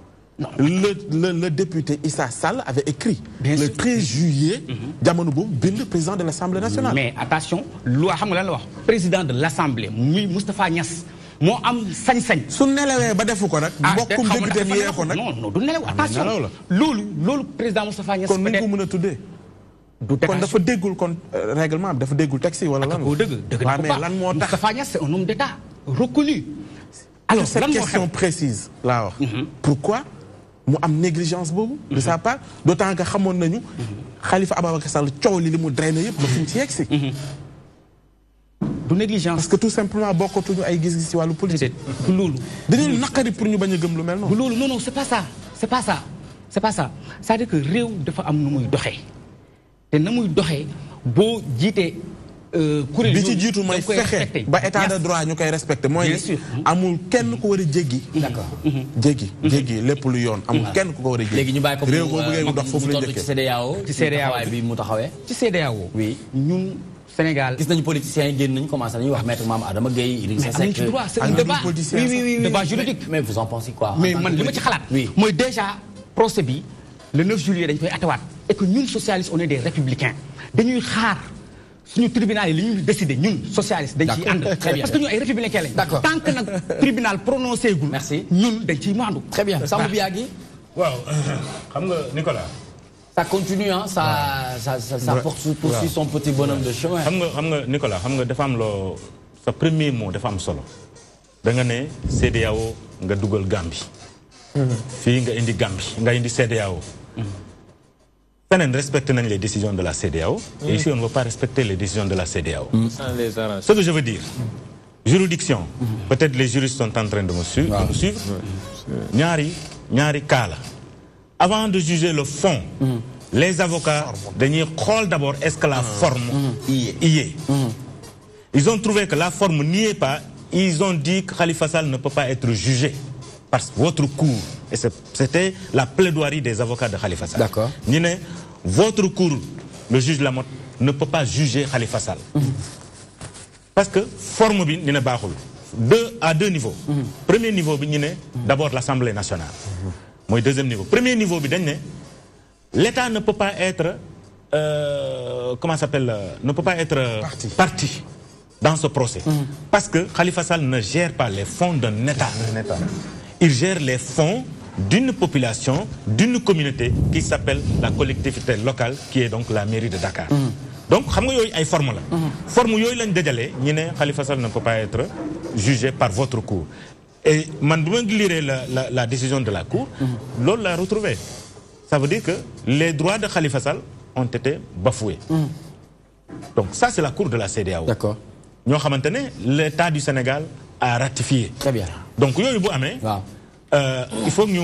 Le, le, le, député Issa Sall avait écrit Bien le 13 juillet, mhm. Diamano Boum, le président de l'Assemblée nationale. Mais attention, loi, président de l'Assemblée, Moustapha Nias, mo am sañ-sañ. su nelawee ba defu ko nag. Ah, bokkum député bi yee nak non non du nelaw ah, attention lolu lolu président Moustapha Niass. kon nu ko mën du kon dafa déggul kon euh, règlement dafa déggul taxi wala ah, lan. dëgg dëgg mais lan mo tax Moustapha Niass c'est un homme d'état reconnu. alors lan cette question précise là, wax. Mhm. pourquoi mu am négligence boobu. de sa part d'autant que xamoon nañu. Khalifa Ababacar Sall coow li li mu drainé yëpp. ba fi ci du négligence parce que tout simplement bokkatuñu ay gis-gis ci wàllu politique. du loolu. avez naqari pour ñu a gëm lu mel non non c'est pas ça c'est pas ça c'est pas ça ça à dire que réew dafa am nu muy doxee te na muy doxee euh, kuréel bi ci jiitu mooy fexe ba état de droit ñukay koy respecté mooy amul kenn ko wara a mm-hmm. d'accord mm-hmm. jéggi mm-hmm. jéggi lepp lu yoon amul kenn ko wara a jéggi léegi ñu bàyyi ko réew boobu ngay euh, dox fofu la njëkkee ci CDAO ci CDAO bi mu taxawé ci CDAO oui ñun Sénégal gis nañu politiciens yi génn nañu commencé nañu wax maître Mame Adama Gueye Idrissa Seck mais c'est un débat oui oui débat juridique mais vous en pensez quoi mais man lima ci xalat moy déjà procès bi le 9 juillet dañ koy atawaat et que ñun socialistes on est des républicains dañuy xaar nous, tribunal il nous décider ñun socialiste parce que nous ay républicain D'accord. tant que le tribunal prononce, merci nous nous, nous. très bien Nicolas ça continue hein ça ça poursuit son petit bonhomme de chemin Nicolas xam nga dafa am premier mot dafa am solo da nga cdao nga hmm. nga indi ne respecte les décisions de la CDAO, et ici on ne veut pas respecter les décisions de la CDAO. Mm. Ce que je veux dire, juridiction, peut-être les juristes sont en train de me, suivre. Nyari, Nyari Kala. Avant de juger le fond, mm. les avocats, call d'abord est-ce que la mm. forme y est. Ils ont trouvé que la forme n'y est pas, ils ont dit que Khalifa Sall ne peut pas être jugé que votre cours, et c'était la plaidoirie des avocats de Khalifa Sall. D'accord. votre cours, le juge Lamotte, ne peut pas juger Khalifa Sall. Mhm. Parce que forme bi Deux à deux niveaux. Mhm. Premier niveau d'abord l'Assemblée nationale. Mhm. deuxième niveau. Premier niveau l'État ne peut pas être euh, comment s'appelle euh, ne peut pas être euh, parti. dans ce procès parce que Khalifa Sall ne gère pas les fonds d'un État. État. Il gère les fonds d'une population, d'une communauté qui s'appelle la collectivité locale, qui est donc la mairie de Dakar. Mhm. Donc, il y a forme la mhm. forme Khalifa ne peut pas être jugé par votre cour et quand la décision de la cour mhm. l'on l'a retrouvé ça veut dire que les droits de Khalifa Sall ont été bafoués donc ça c'est la cour de la CDAO. d'accord Nous, l'État du Sénégal a ratifié très bien donc yooyu bu amee. waaw euh, il faut ñu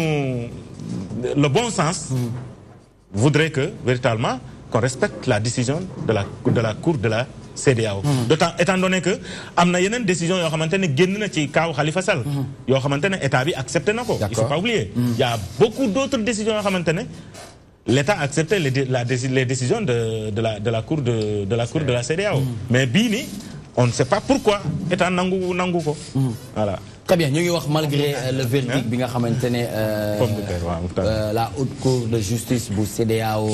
le bon sens. voudrait que véritablement qu'on respecte la décision de la de la cour de la CEDEAO. Mm-hmm. d'autant étant donné que am na yeneen décision yoo xamante ne génn na ci kaaw Khalifa Sall. Mm-hmm. yoo xamante ne état bi accepté na il faut pas oublier. Mm-hmm. il y a beaucoup d'autres décisions yoo xamante ne. l'État a accepté les, la, les décisions de, de, la, de, la, Cour de, de la, cour de la CDAO. Mais Bini, on ne sait pas pourquoi, étant Nangu Nanguko. Mm. Voilà très bien nous avons malgré euh, le verdict hein? bi nga euh, euh, la haute cour de justice bu CEDEAO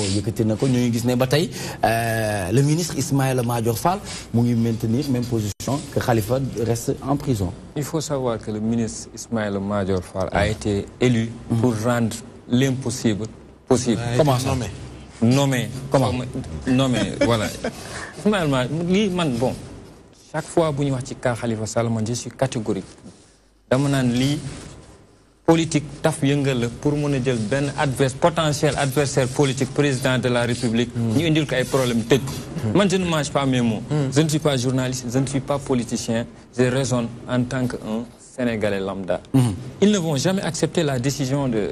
nous euh, le ministre Ismaël Major Fall a maintenu la même position que Khalifa reste en prison il faut savoir que le ministre Ismaël Major Fall a été élu mmh. pour rendre l'impossible possible comment ça nommé comment nommé voilà bon chaque fois bu ñu wax ci Khalifa je suis catégorique dama naan lii politique taf yëngal pour mën a jël benn adverse potentiel adversaire politique président de la république hmm. ñu indil ko ay problème tëj hmm. man je ne mange pas mes mots hmm. je ne suis pas journaliste je ne suis pas politicien je raisonne en tant que un Sénégalais lambda. Mhm. Ils ne vont jamais accepter la décision de,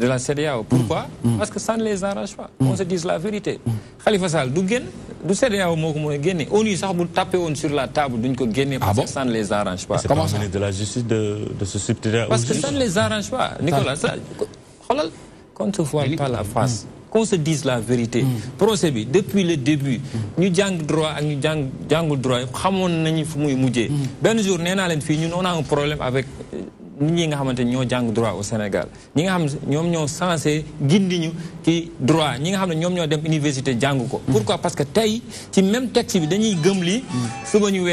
de la CDAO. Pourquoi mhm. Mhm. Parce que ça ne les arrange pas. On se dise la vérité. Khalifa Sall, du gain, du CDAO, on y pour taper sur la table d'une que gain parce que ça ne les arrange pas. Comment ça de la justice de, de ce Parce que ça ne les arrange pas. Nicolas, ça, quand tu voit pas la face qu'on se dise la vérité mm. procès depuis le début nous avons droit nous ñu droit Nous avons fu muy mm. nous jour un problème avec euh, nous ñi nga droit au Sénégal Nous avons censé droit nous avons université mm. pourquoi parce que tey même texte nous avons gëm li, nous ñu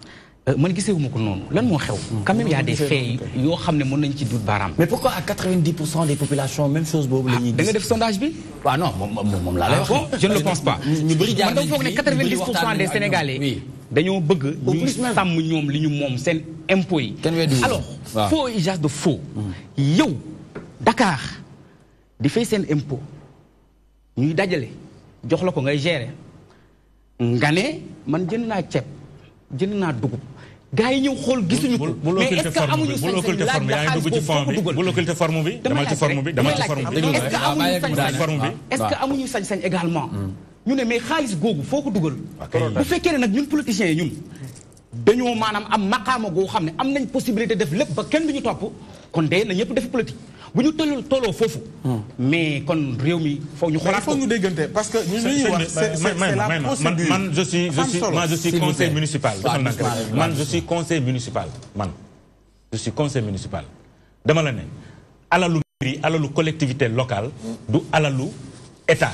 Euh, man gisewuma ko noonu lan moo xew. Hmm. quand même y a des faits yoo xam ne mën nañ ci dut baaraam. mais pourquoi à 90 pour cent des populations même chose boobu la ah, ñuy da nga def sondage bi. waaw non moom moom laa lay ah, wax. je ne le pense pas. ñu bëri jaar nañ foog ne 90 pour cent des sénégalais. dañoo bëgg. ñu sàmm ñoom li ñu moom seen impôts yi. kenn weddi alors faux usage de faux. Hmm. yow Dakar di fay seen impôt ñuy dajale jox la ko ngay gérer nga ne man jënd naa ceeb. jënd naa dugub. gaa yi ñëw xool gisuñu ko. mais est-ce que amuñu sañ-sañ laaj la mm. foo ko dugal. Ah, bu localité fekkee nag ñun politiciens yi ñun dañoo am possibilité de na ñëpp def politique hmm. mais kon parce que je suis je suis je suis conseil municipal. je suis conseil municipal man. je suis conseil municipal la ne alalu mairie collectivité locale du alalu état.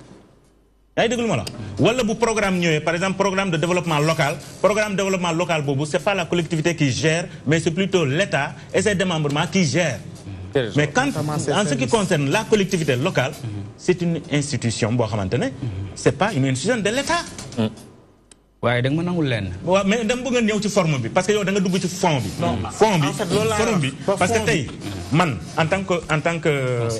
programme ñëwee par exemple programme de développement local programme de développement local ce c'est pas la collectivité qui gère mais c'est plutôt l'État et ses membres qui gèrent mais quand en ce qui concerne la collectivité locale mm-hmm. c'est une institution boo xamante c'est pas une institution de l'État mm. waaye da ma nangul leen waaw mais dama bëgg a ñëw ci form bi parce que yow da nga dugg ci fond bi. Mm. fond bi parce que tey man en tant que en tant que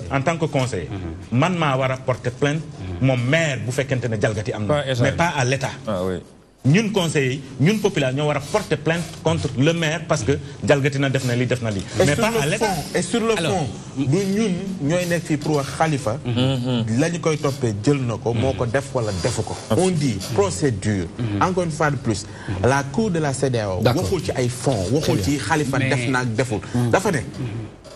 en tant que conseiller. Mm-hmm. man maa war a porter plainte. Mm-hmm. moom maire bu fekkente ne jalgati am na. mais pas à l' ñun conseillers ñun populaire ñoo war a porter plainte contre le maire parce que jalgati na def na li def na li. mais pas à l'état et sur le fond du ñun ñooy nekk fii pour wax xalifa. Mm-hmm. Mm-hmm. la koy toppee jël na ko. moo ko def wala defu ko. Mm-hmm. on dit procédure. encore une fois de plus. la cour de la CEDEAO waxul ci ay fonds waxul ci xalifa def na ak deful. dafa ne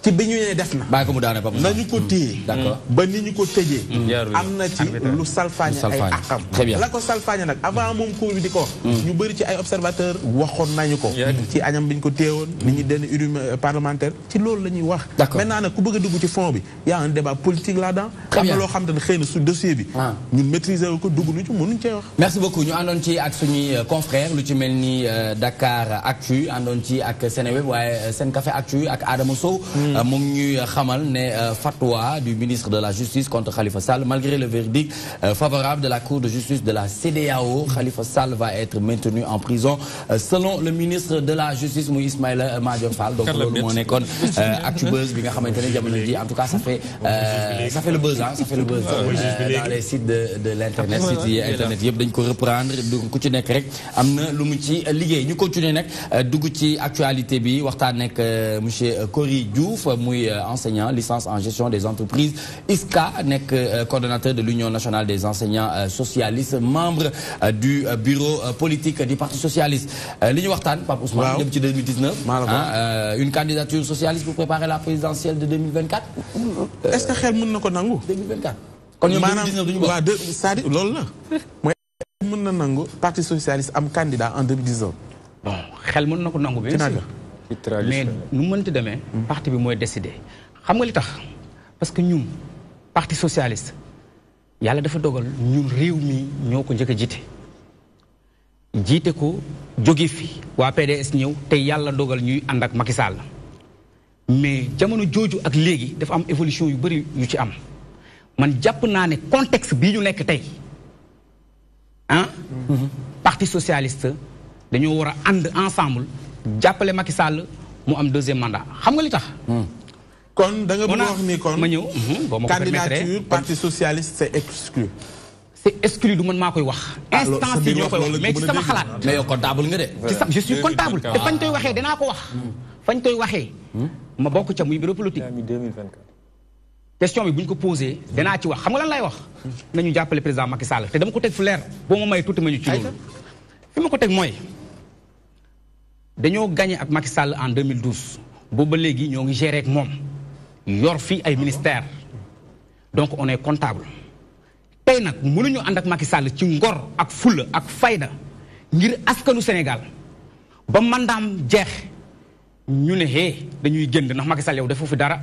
ci biñu ñu nee def na. bàyyi ko mu daane ba nañu ko mm. téye. d'accord ba niñu ko tëjee. Mm. amna ci lu salfaañe ay akam la ko salfaañe nak avant mom ko bi di ko mm. ñu bari ci ay observateur waxon nañu ko. ci añam biñ ko téyewoon. ni ñu denn urume euh, parlementaire ci loolu lañuy wax. maintenant nag ku bëgg dugg ci fond bi ya un débat politique là-dedans. am na loo xam tane xeyna su dossier bi. Ah. ñun maîtriser ko dugg nu ci mënuñ ci wax. merci beaucoup ñu andon ci ak suñuy euh, confrère lu ci melni euh, Dakar Actu andon ci ak Seneweb waye Sen Café Actu ak Adama Sow euh, mu ngi n'est xamal euh, fatwa du ministre de la justice contre Khalifa Sall malgré le verdict euh, favorable de la cour de justice de la CEDEAO Khalifa Sall va être maintenu en prison selon le ministre de la justice muy Ismaïla Madior Fall donc le moo nekkoon bi nga xamantene jamono ji en tout cas ça fait ça fait le buzz hein, ça fait le buzz ah, dans les sites de de l'internet ah, internet internet yëpp dañ ko reprendre donc ku ci nek rek amna na lu mu ci liggéey ñu continuer nak dugg ci actualité bi waxtaan monsieur Cory Diouf Diouf euh, enseignant licence en gestion des entreprises Iska, que euh, coordonnateur de l'Union nationale des enseignants euh, socialistes membre du bureau politique du Parti socialiste L'Union Wartan, pas Pape Ousmane moment hein, 2019 une candidature socialiste pour préparer la présidentielle de 2024 est-ce que xel n'est pas nangu 2024 kon 2019 cest ça Parti socialiste un candidat en 2019 bon xel mais nu mënti demee hmm. parti bi mooy décidé xam nga li tax parce que ñun parti socialiste yàlla dafa dogal ñun réew mi ñoo ko njëkk jiite jiite ko jóge fi waa PDS ñëw tey yàlla dogal ñuy ànd ak Macky mais jamono jooju ak léegi dafa am évolution yu bëri yu ci am man jàpp naa ne contexte bi ñu nekk tey ah hmm. parti socialiste dañoo war a ànd ensemble jàppale Macky Sall mu am deuxième mandat xam nga li tax. Hmm. kon da nga bëgg wax ni kon ma ñëw. Hmm, candidature parti socialiste c'est exclu. c'est exclu du man maa koy wax. Ah, instant si ñoo koy wax mais ci sama xalaat. mais yow comptable nga de. je suis comptable te fañ koy waxee danaa ko wax. Hmm. fañ koy waxee. ma bokk ca muy bureau politique. question bi buñ ñu ko posé danaa ci wax xam nga lan lay wax. nañu jàppale président Macky Sall te dama ko teg fu leer boo ma may tuuti ma ñu ci loolu. fi ma ko teg mooy dañoo gagné ak Macky Sall en 2012 boobu ba léegi ñoo ngi gérer ak moom yor fii ay ministère donc on est comptable tey nag mënuñu ànd ak Macky Sall ci ngor ak fulla ak fayda ngir askanu Sénégal ba mandam jeex ñu ne hee dañuy génn ndax Macky Sall yow defu fi dara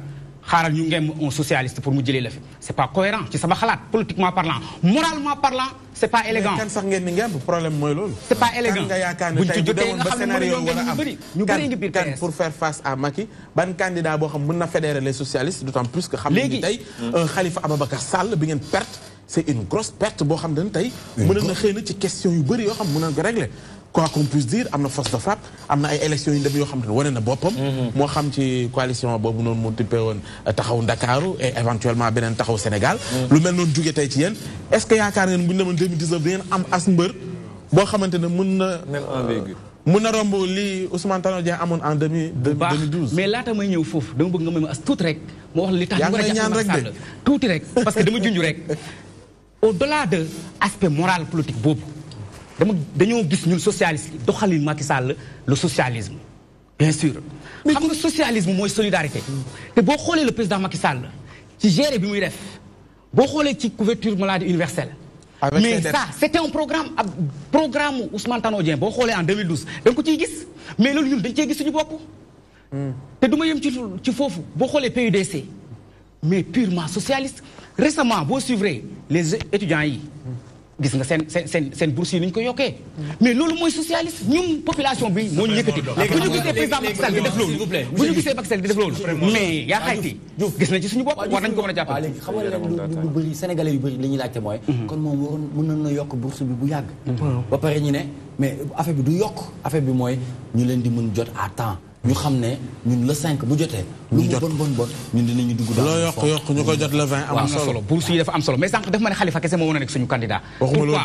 xaaral ñu ngem un socialiste pour mu jëlee la fi c'est pas cohérent ci sama xalaat politiquement parlant moralement parlant c'est pas élégant kan sax ngeen ni ngeen problème mooy loolu c'est pas élégant nga yaakaar ne tey bu demoon ba scénario wala am ñu bëri ngi kan pour faire face à Macky ban candidat boo xam mën na fédérer les socialistes d'autant plus que xam ni tey mm. euh, Khalifa Ababacar Sall bi ngeen perte c'est une grosse perte boo xam ne tey mën na xëy na ci question yu bëri yoo xam mën na ko régler quoi qu'on puisse dire am na force de frappe am na ay élections yu dem yoo xam ne wane na boppam. Mhm. moo xam ci coalition boobu noonu mu tippee woon euh, taxaw Ndakaaru et éventuellement beneen taxaw Sénégal. Mhm. lu mel noonu jóge ci yéen est-ce que yaakaar ngeen bu da ngeen na. mën euh, na romb li Ousmane Tanor amoon en 2012. mais laata may ñëw foofu dama bëgg nga may ma as tuuti rek. moo wax li tax ñu war a jàpp tuuti rek parce que dama junj rek. au delà de aspect moral politique boobu. dama dañoo gis ñun socialiste doxalin Macky Sall le socialisme bien sûr. Mais nga socialisme mooy solidarité. te boo xoolee le président Macky Sall ci géré bi muy def boo xoolee ci couverture maladie universelle. mais ça c'était un programme programme Ousmane Tanor Dieng boo xoolee en 2012 da nga ko ciy gis mais loolu ñun dañ cee gis suñu bopp. Hmm. te du ma yem ci ci foofu boo PUDC mais purement socialiste récemment boo suivre les étudiants yi. gis nga seen seen yi ni ko yokkee mais loolu mooy socialiste ñun population bi moo ñu yëkkati bu ñu gisee président Macky di def loolu mais yaa xayti gis na ci suñu bopp war nañ ko mën a jàppale léegi xam nga lu bëri sénégalais yu bëri li laajte mooy kon moom waroon mën nañ na yokk bourse bi bu yàgg ba pare ñu ne mais affaire bi du yokk affaire bi mooy ñu leen di mën jot à temps ñu xam ne ñun le bu jotee. lu mu bon bon bon ñun ñu dugg. daal loo yokk yokk ñu ko jot le 20. am solo bourse yi dafa am solo mais sànq dafa ma ne Khalifa kese moo mën a nekk suñu candidat. waxuma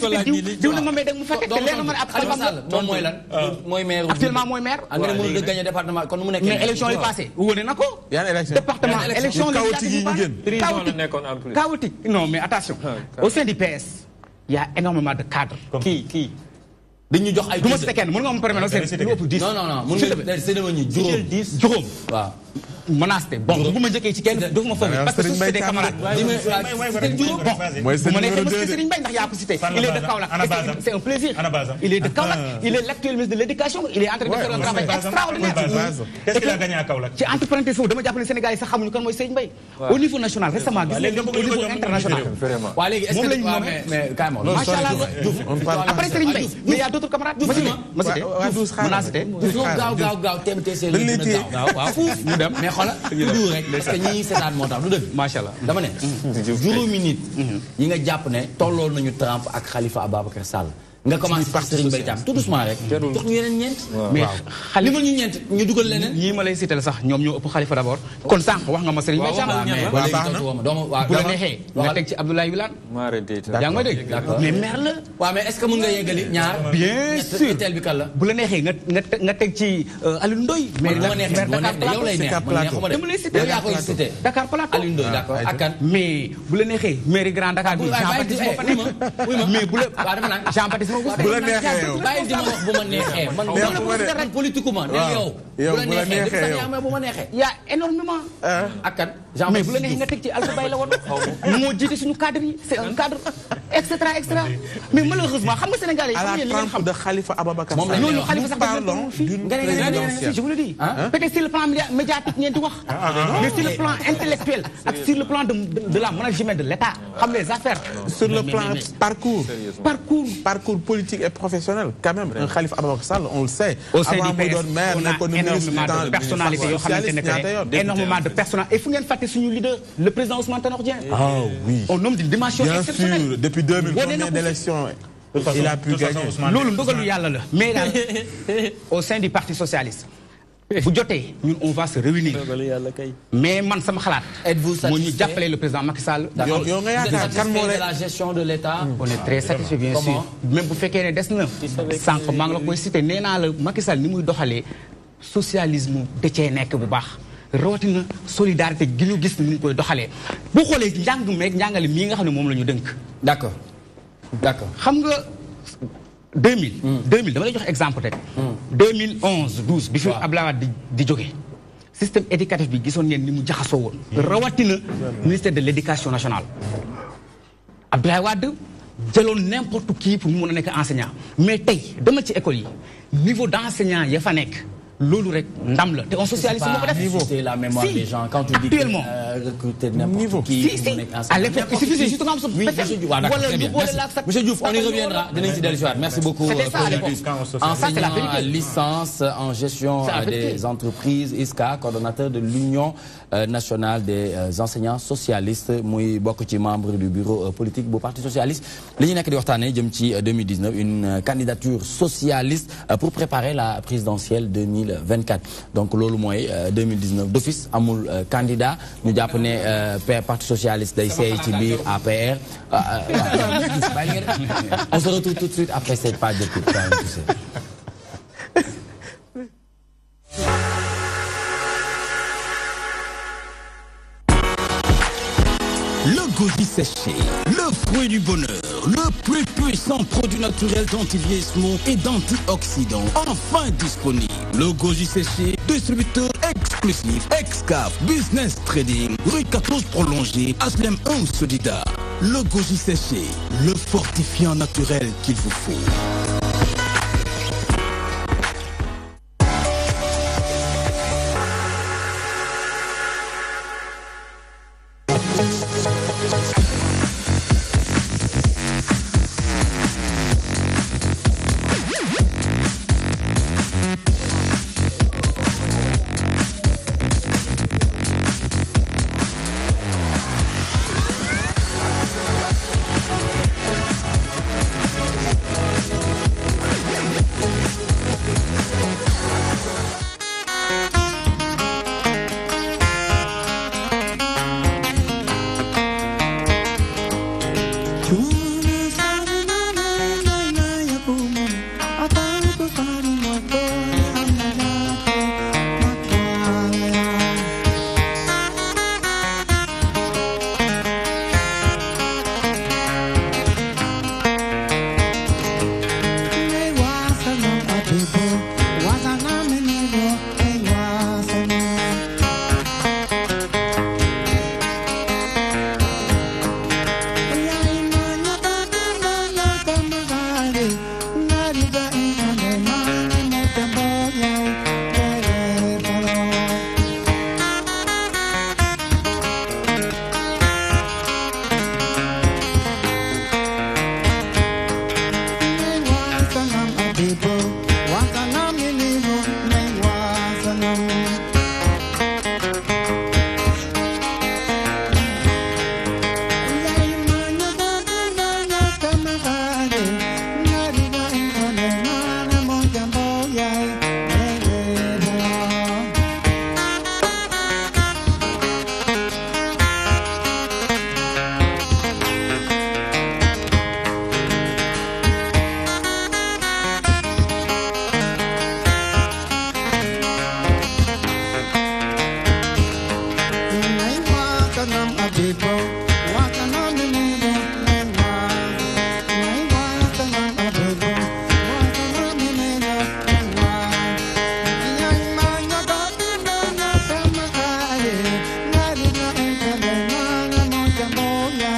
ko laaj nii lii diw nag moom da nga mu fa teg te leer na ma ne ab xalifa la moom mooy lan ah. mooy maire actuellement mooy maire nga mënul a gagné département kon nu mu nekk mais élection yi passé wóone na ko yan élection département élection chaotique yi ñu génn chaotique chaotique non mais attention ah, au sein du PS il y a énormément de cadres kii kii dañu jox ay du ma cité kenn mën nga ah, ma permettre non non non mën nga cité juróom juróom waaw menacé bon bu ma njëkkee ci kenn du ma parce que c'est des camarades bon bu ma nekkee monsieur il est de Kaolack c'est un plaisir il est de Kaolack il est l'actuel ministre de l'éducation il est en train de faire un travail extraordinaire qu'est-ce qu'il a gagné à Kaolack ci entrepreneur foofu dama jàpp ne Sénégal yi sax xamuñu kan mooy Serigne Mbaye au niveau national récemment au niveau international waaw léegi est-ce que mais mais carrément macha Allah après Serigne Mbaye mais il y a d'autres camarades ma cité ma cité menacé gaaw gaaw gaaw TMTC dem mais xoolal du rek parce que ñi moo tax du dëgg. macha allah dama ne. Mm-hmm. juróomi nit. Mm-hmm. ñi nga jàpp ne tolloon nañu Trump ak xalifa Ababacar Sall. nga commencé par Serigne Mbaye Thiam tout doucement rek tok ñu yeneen ñent mais xali ñu ñent ñu duggal leneen ñii ma lay sital sax ñom ñoo ëpp xalifa d'abord kon sax wax nga ma Serigne Mbaye Thiam bu la nexé nga tek ci Abdoulaye Wilane yaa ya nga dégg mais maire la wa mais est ce que mën nga yeggali ñaar bien sûr tel bi kala bu la nexé nga nga tek ci euh, Aliou Ndoy mais la neexee yow lay nexé neex dem lay cité ya koy cité Dakar Plateau Aliou Ndoy d'accord ak ah, mais bu la nexé mairie Grand Dakar bi Jean Baptiste mais bu la Jean Baptiste bu la neexee yow bàyyi di ma wax bu ma neexee man politiquement ne yow bu la neexee yow bu la neexee yow y a énormément ah. ak kan genre mais bu la neexee nga teg qui Alpha Bay la woon. mo jiite suñu cadre c'est un cadre etc., etc. mais malheureusement xam nga sénégalais yi. li ngeen xam de Khalifa Ababacar Sall. Khalifa sax dañu leen fi je vous le dis. Hein? peut-être sur le plan médiatique ngeen di wax. Ah, ah, mais sur le plan intellectuel ak sur le plan de de la management de l'État xam les affaires. sur le plan parcours. parcours parcours politique et professionnel quand même un Khalifa Ababacar Sall on le sait. au sein du PS on a énormément de personnalités yoo énormément de personnalités et fu ngeen le président Ousmane Tanordien ah oui Au nom d'une dimension depuis 2000 il a pu gagner mais au sein du parti socialiste. vous on va se réunir. mais man êtes-vous satisfait le président Macky Sall. la gestion de l'État. on est très ah, satisfait bien sûr. même bu y qu'il des ait des la koy nest le Macky Sall ni socialisme de rawatina solidarité gi ñu gis ni ñu koy doxalee bu xoolee njàng meeg njàngale mii nga xam ne moom la ñu dënk. d' accord d' accord xam nga 2000. 2000 hmm. dama lay jox exemple rek. 2011 hmm. 12 bi fi Abdoulaye Wade di di jógee. système éducatif bi gisoon ngeen ni mu jaxasoo woon. Hmm. rawatina ministère de l'éducation nationale. Abdoulaye Wade jëloon n' importe qui pour mu mën a nekk enseignant mais tey dama ci école yi niveau d'enseignant, enseignant ya fa nekk loolu rek ndam la te on socialiste moo c'est la mémoire des gens quand tu dis actuellement euh, recruter n'importe qui si si à l'époque il suffisait juste ah, monsieur Diouf on y reviendra merci beaucoup euh, enseignant à licence en gestion euh, des entreprises ISCA coordonnateur de l'union nationale des enseignants socialistes Moi, beaucoup de membres du bureau politique du parti socialiste li ñu di waxtane jëm ci 2019 une candidature socialiste pour préparer la présidentielle 2019 24, donc l'OLO moy 2019 d'office amul euh, candidat nous japonais, euh, Père parti socialiste day APR. Ah, ah, ah. on se retrouve tout de suite après cette page de pub. goji séché. Le fruit du bonheur, le plus puissant produit naturel d'antivieillissement et d'antioxydants, enfin disponible. Le goji séché, distributeur exclusif, Excaf, Business Trading, rue 14 prolongée, Aslem 1 Solida. Le goji séché, le fortifiant naturel qu'il vous faut.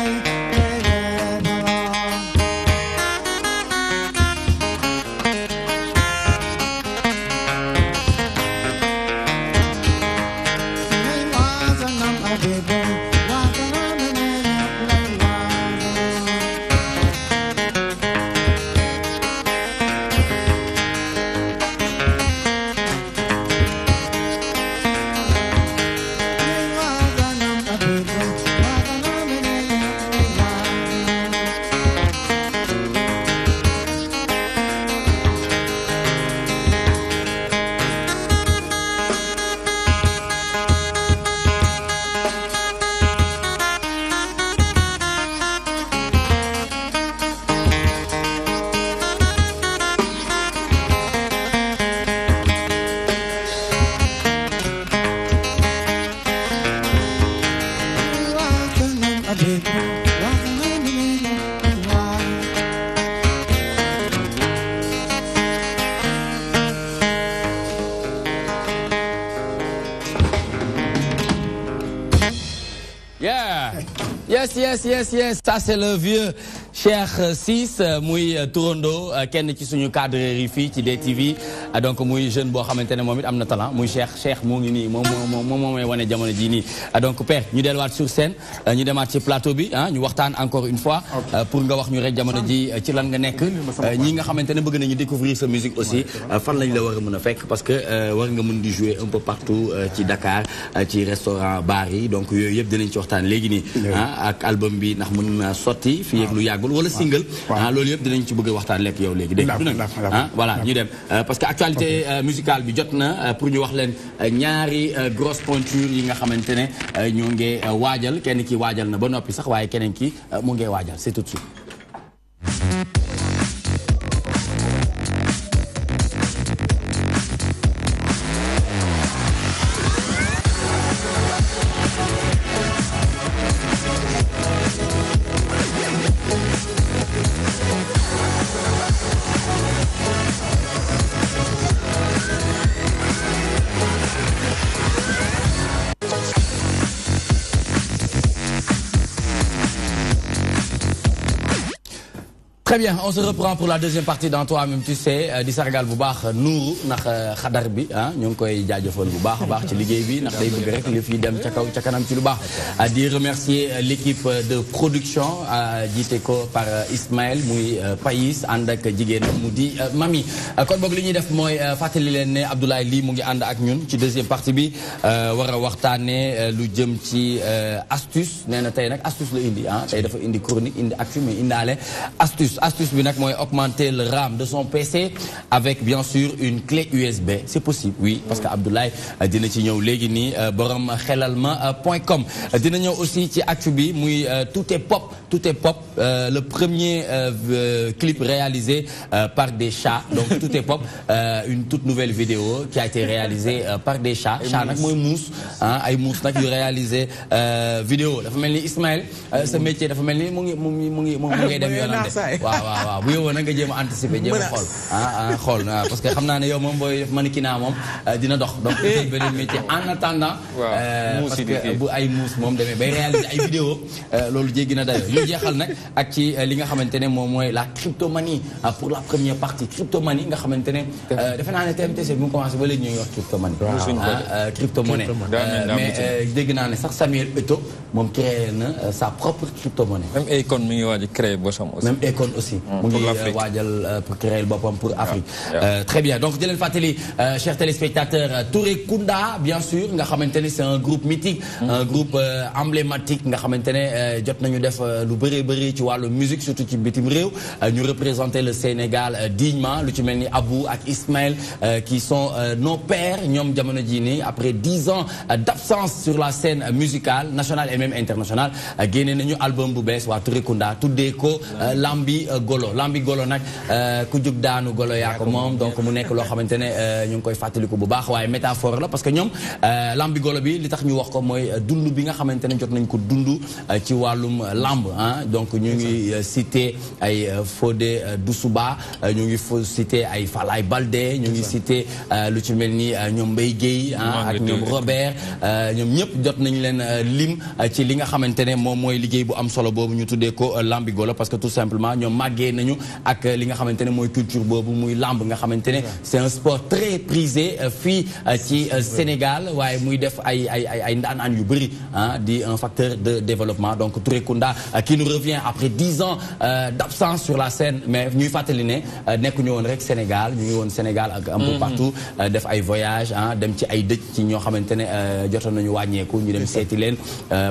night. ça c'est le vieux cher 6 euh, moui euh, tourondo, euh, ken ci suñu cadre rifi ci DTV. TV Ah, donc muy jeune boo xamante ne moom it am na talent muy Cheikh Cheikh moo ngi nii moom moom moom mooy wane jamono jii nii ah, donc père ñu delluwaat sur scène ah, ñu demaat ci plateau bi ah ñu waxtaan encore une fois pour nga wax ñu rek jamono ji ci lan nga nekk ñi nga xamante ne bëgg nañu découvrir sa musique aussi fan lañ la war a mën a fekk parce que war nga mën di jouer un peu partout ci Dakar ci restaurant bar yi donc yooyu yëpp dinañ ci waxtaan léegi nii ah ak album bi ndax mën na sotti fii ak lu yàggul wala single ah loolu yëpp dinañ ci bëgg a waxtaan lekk yow léegi dégg voilà ñu dem actualité euh, musicale bi jot na euh, pour ñu wax leen euh, ñaari grosse pointure yi nga xamante ne ñoo ngi waajal kenn ki waajal na ba noppi sax waaye keneen ki mu ngi waajal c'est tout suite très bien on se reprend pour la deuxième partie dans même tu sais euh, di sargal bu baax euh, nuuru ndax euh, xadar bi ah ñu ngi koy jaajëfal bu baax a baax ci liggéey bi ndax day bëgg rek li fi dem ca ca kanam ci lu baax di remercier l'équipe de production jiite ko par Ismaël muy Pays, ànd ak jigéen mu di Mami kon boog li ñuy def mooy fàttali leen ne Abdoulaye Ly mu ngi ànd ak ñun ci deuxième partie bi wara a waxtaane lu jëm ci astuce nee na tey nag astuce la indi ah tey dafa indi chronique indi actu mais indaale astuce astuce bi nag augmenter le RAM de son PC avec bien sûr une clé USB c'est possible oui parce que Abdoulaye euh, dina ci ñew léegi ni euh, borom euh, dina aussi ci actu bi muy tout est pop tout est pop le premier clip réalisé par des chats donc tout est pop une toute nouvelle vidéo qui a été réalisée par des chats chats nag mooy muus hein, ay muus nak yu réalisé vidéo dafa mel Ismaël ce métier dafa mel ni mu ngi mo ngi mo ngi mu ngi dem waaw waaw bu yóbboo nag nga jéem a anticiper jéem xool ah, ah xool ah, parce que xam naa ne yow moom booy def mannequinat moom euh, dina dox donc jël beneen métier en attendant euh, bu ay muus moom demee bay réaliser ay vidéo euh, loolu jéggi na dayo ñu jeexal nag ak ci li nga xamante ne moom mooy la cryptomanie pour la première partie cryptomanie nga xamante ne defe naa ne TMTC bi mu commencé ba léegi ñuy wax cryptomanie ah, mais dégg naa ne sax Samuel Eto'o moom créé na sa propre cryptomonnaie même Akon waaj a créé bosam aussi aussi. Mm. Euh, euh, pour créer pour Afrique. Euh, très bien donc di Fateli, euh, chers téléspectateurs euh, Touré Kunda bien sûr nga avons un groupe mythique. Mm. un groupe emblématique nga avons ne jot nañu def lu bëree bëri ci musique surtout ci bitim réew ñu représenter le Sénégal dignement lu ci Abou ak Ismaël qui sont nos pères ñoom jamono après 10 ans d'absence sur la scène musicale nationale et même internationale génne nañu album bu bees waa Touré Kunda tout ko Lambi. Euh, golo lambi golo nag euh, ku juk daanu golo yaa ko moom donc mu nek lo xamantene ne euh, ñu ngi koy fateliku bu baax waye métaphore la parce que ñoom lambi golo bi li tax ñu wax ko moy dundu bi nga xamantene jot nañ ko dundu ci walum lamb hein donc ñu ngi citer ay Fodé Doussouba ñu ngi citer ay falay Baldé ñu ngi citer lu ci melni ñom ñoom Mbaye hein, ak ñoom Robert ñom ñëpp jot nañ len lim ci li nga xamantene mom moy mooy bu am solo bobu ñu tuddé ko lambi golo parce que tout simplement ñom màggee nañu ak li nga xamante moy culture bobu muy lamb nga xamante c'est un sport très prisé euh, fi euh, ci euh, Sénégal waye muy def ay ay ay ndan ndaanaan yu bari hein, di un facteur de développement donc Touré Kounda qui nous revient après dix ans d'absence sur la scène mais ñuy fàttali nek ñu won rek Sénégal ñuy won Sénégal ak un peu mm-hmm. partout def ay voyage hein, dem ci ay dëj ci ñoo xamante ne nañu wañé ko ñu dem séti leen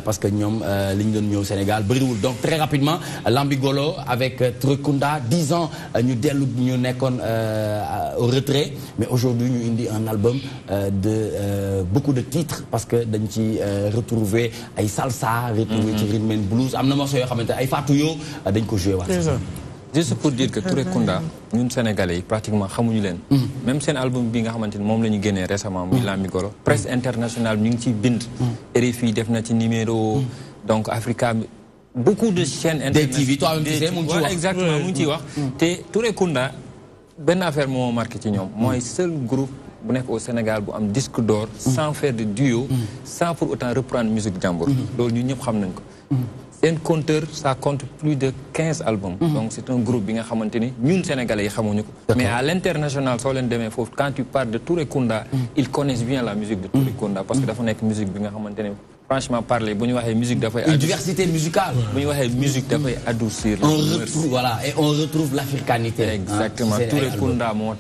parce que ñom liñ ñu doon ñëw Sénégal bëriwul donc très rapidement Lambigolo avec Trekunda 10 ans nous euh, dellu ñu un euh, au retrait mais aujourd'hui ñu indi un album euh, de beaucoup de titres parce que dañ ci retrouver ay salsa retrouvé mhm. rhythm and blues nous avons morceau yoo xamante ay Fatou Yo dañ ko joué waat juste pour dire que Touré nous sommes sénégalais pratiquement xamuñu leen mhm. même un album bi nga xamante ni moom la récemment mhm. Lamigoro presse internationale ñu ngi fait bind RFI def na ci numéro donc Africa beaucoup de chaînes internet exactement Touré Kunda ben affaire faire marqué marketing. moi mm. seul groupe bu au Sénégal bu am disque d'or mm. sans faire de duo mm. sans pour autant reprendre musique de loolu ñun ñep xam nañ ko Un compteur ça compte plus de 15 albums donc c'est un groupe bi nga xamante ñun sénégalais yi ko mais à l'international so leen quand tu parles de Touré Kunda ils connaissent bien la musique de Touré Kunda parce que dafa une musique bi nga xamante franchement parler bon ñu musique dafay. une diversité musicale. bon musique adoucir. on retrouve voilà et on retrouve l'africanité. Hein. exactement Touré Kunda moo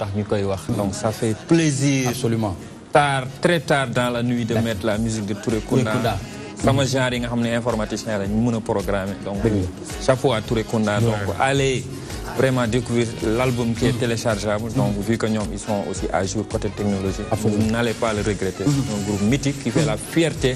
donc ça fait plaisir. absolument tard très tard dans la nuit de ben. mettre la musique de Touré Kunda. ça genre nga xam ne informaticien j'ai ñu un programme programmer donc ben. chapeau à Touré Kunda donc allez. vraiment découvrir l'album qui est mm. téléchargeable. Mm. Donc, vu que nous, ils sont aussi à jour côté technologie, vous n'allez pas le regretter. Mm. C'est un groupe mythique qui fait la fierté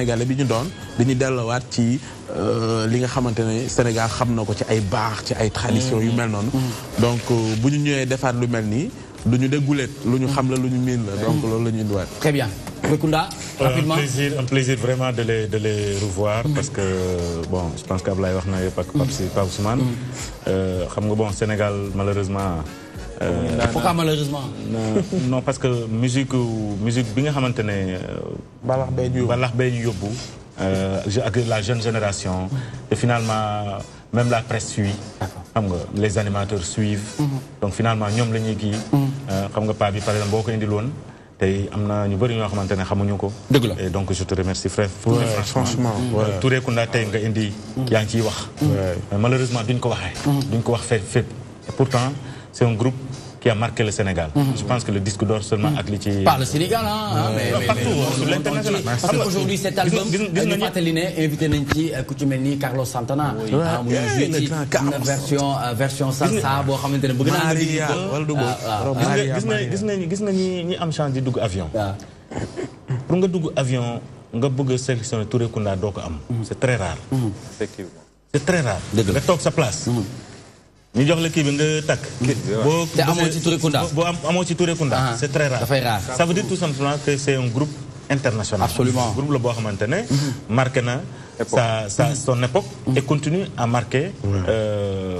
sénégalais bi ñu doon dañuy delluwaat ci euh, li nga xamante ne Sénégal xam na ko ci ay baax ci ay tradition yu mel noonu mm-hmm. donc euh, bu ñu ñëwee defaat lu mel nii lu ñu dégguleet lu ñu xam la lu ñu miin la donc loolu la ñuy indiwaat très bien Rekunda euh, rapidement un plaisir un plaisir vraiment de les de les revoir mm-hmm. parce que bon je pense qu'Ablaye wax na yëpp ak Pape mm-hmm. Ousmane xam nga bon Sénégal malheureusement euh, Pourquoi malheureusement non, parce que musique musique bi nga xamantene euh, balax bay bay yobbu euh, avec la jeune génération et finalement même la presse suit nga les animateurs suivent mhm. donc finalement ñom lañuy gi mhm. euh, xam nga pas bi par exemple boko indi lone tay amna na ñu bari ño xamantene xamuñu ko. et donc je te remercie frère. franchement waaw Touré Kunda tey nga indi. Mhm. yaa ci wax. malheureusement duñ ko waxee. duñ ko wax fépp. pourtant c'est un groupe qui a marqué le Sénégal. Mhm. Je pense que le disque d'or seulement a -hmm. Pas le Sénégal, hein, hein mais, mais, partout, mais, hein, sur l'international. Aujourd'hui, cet album, nous Mateliné, invité Nenki, euh, Koutoumeni, Carlos Santana. Oui. Ah, oui. oui. Une version, euh, version salsa, bo xamantene bëgg naa Maria, Waldugo. Ah, ah, gis nañ gis nañ gis nañ am chance di avion. Pour nga dugg avion, nga bëgg sélectionner Touré Kounda doo ko am. Mhm. C'est très rare. Mhm. Effectivement. C'est très rare. Le toog sa place ni jox la kii bi nga tak bo te ci Touré Kunda boo amo ci Touré Kunda. Ah. c'est très rare ça veut dire tout simplement que c'est un groupe international. absolument groupe le bo xamantene mm-hmm. marqué na sa sa mm-hmm. son époque. Mm-hmm. et continue à marquer. Euh,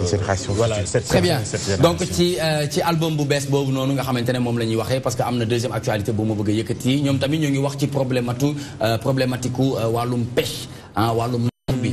voilà cette très bien donc ci euh, ci album bu bees bobu noonu nga xamantene mom lañuy waxé parce que amna deuxième actualité bu mo bëgg yëkëti ñom ñoom tamit ñu ngi wax ci problématu euh, problématique walum pêche ah hein, walum.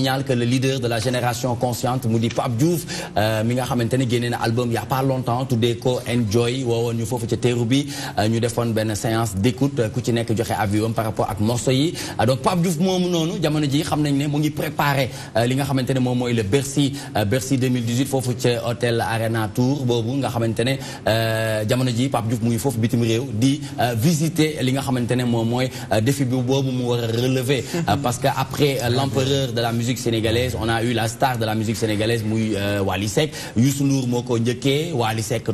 signale que le leader de la génération consciente Moudi di Pape Diouf euh, mi nga xamante ne na album y' a pas longtemps Tout ko Enjoy ou ñu foofu ca teeru bi euh, ñu defoon benn séance d'écoute, écoute euh, ku ci nekk avion par rapport à morceau donc Pape Diouf moomu noonu jamono ji xam nañ ne ngi préparé li nga xamante un moment il le Bercy Bercy 2018 foofu ca hôtel Arena Tour boobu nga xamante ne jamono ji Pape Diouf mu ngi bitim réew di visiter li nga xamante un moom défi bi boobu mu parce qu'après l'empereur de la musique sénégalaise on a eu la star de la musique sénégalaise Mouy euh, walisek Seck Youssou Ndour Walisek ko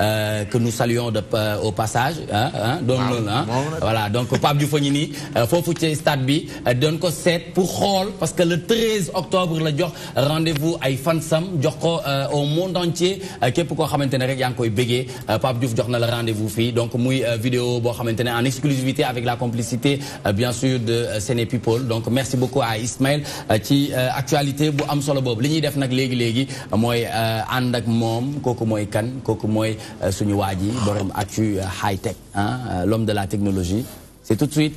euh, que nous saluons de euh, au passage hein, hein, hein. voilà donc Pape Diouf a Stadbi, 7 pour hall parce que le 13 octobre le jour rendez-vous à fansam jox au monde entier képp est pourquoi ne rek yaa koy Pape Diouf rendez-vous donc Moui, vidéo en exclusivité avec la complicité bien sûr de Séné People donc merci beaucoup à Ismaël euh, ci euh, actualité bu am solo boobu li ñuy def nag léegi léegi mooy euh, ànd ak moom kooku mooy kan kooku mooy suñu waa ji borom actu high tech ah l'homme de la technologie c'est tout de suite.